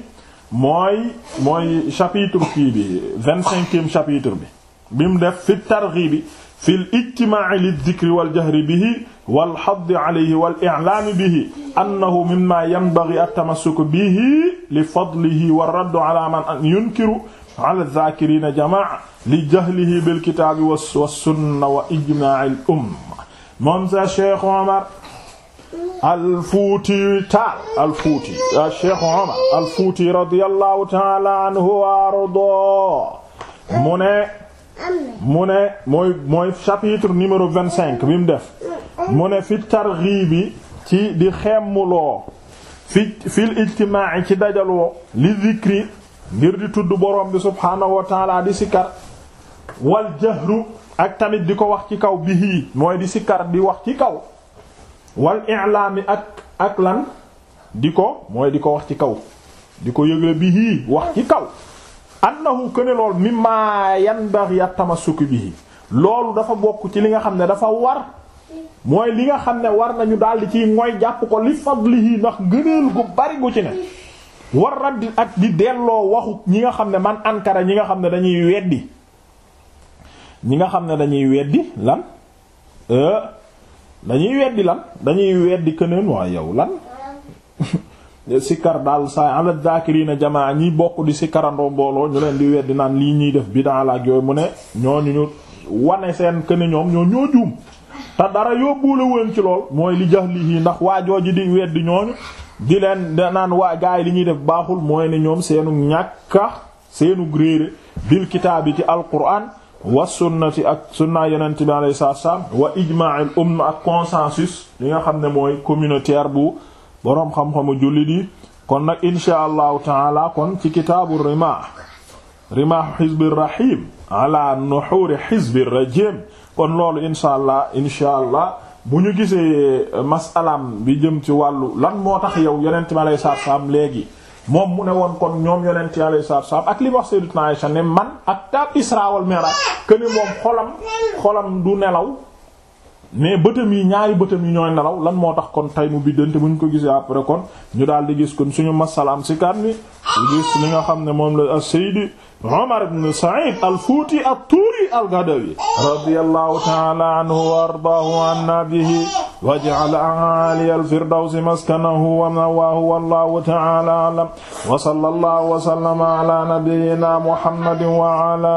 mooy mooy chapitre kii bi vingt-cinquième chapitre bi bi mu def fi targhibi fil ijtimaa'i lid-dhikri wal jahri bihi walxaddi alayhi wal i'laami bihi annahu mimma yanbaghi at-tamassuku bihi li fadlihi wa raddu ala man yunkiru ala zaakiriina jamaa li jahlihi bil kitaabi wa sunna wa ijmaa'il umma moom sa Cheikh Omar al-Fuuti Taal al-Fuuti Cheikh Omar al-Fuuti radiyallahu ta'ala anhu wa ardaahu mu ne mu ne mooy mooy chapitre numéro vingt-cinq bi mu def mu ne fi targhibi ci di xemmuloo fi fil ijtimaa'i ci dajaloo li zikri ngir di tudd borom bi subhaanahu wa di sikkar wal jahru ak tamit di ko wax ci kaw bihi mooy di sikkar di wax ci kaw wal i'laami ak ak lan di ko mooy di ko wax ci kaw di ko yëgle bihi wax ci kaw annahu këne lool mimma yanbaghi at-tamassuku bihi loolu dafa bokk ci li nga xam ne dafa war mooy li nga xam ne war nañu daldi ci mooy jàpp ko li fadlihi ndax ngëneel gu bari gu ci ne war raddi ak di delloo waxu ñi nga xam ne man ankara ñi nga xam ne dañuy weddi ñi nga xam ne dañuy weddi lan euh, dañuy weddi lan dañuy weddi këneen waa yow lan sikkar daal sa ala zakirina jamaa ñi bokk di sikkarandoo mbooloo ñu leen di weddi naan lii ñuy def bidaa la yooyu mu ne ñooñu ñu wane seen këne ñoom ñoo ñoo juum te dara yóbbuwul woon ci lool mooy li jahlihi ndax waa jooju di weddi ñooñu di leen naan waa gaay li ñuy def baaxul mooy ne ñoom seenu ñàkka seenu réere bil kitaabi ci alquran wa sunnati ak sunna yenente bi alayhi salaam wa ijma'il umma ak consensus li nga xam ne mooy communautaire bu boroom xam-xamu jullit yi kon nag insha allahu taala kon ci kitaabu rimah rimah xizbi rahim ala nuxuuri xizbi rajim kon loolu insha allah insha allah bu ñu gisee masalaam bi jëm ci wàllu lan moo tax yow yonent mi alayhi salaatu salaam léegi moom mu ne woon kon ñoom yonent mi alayhi salaatu salaam ak li wax Sayyidatuna Aisha ne man ak ta Isra wal Mi'raj que moom xolam xolam du nelaw mais bëtam yi ñaari bëtam ñooy nelaw lan moo tax kon tay mu biddante buñ ko gisee après kon ñu daal di gis kon suñu masalaam si kan bi gis li nga xam ne moom la as-Sayyid Umar ibn Sa'id al-Futi at-Turi gadawi radiyallahu ta'ala anhu wa ardaahu anna bihi wa ja'ala a'ali al-firdawsi maskanahu wa ma'waahu ta'ala a'lam wa sallallahu wa sallama ala nabiyyina Muhammadin wa ala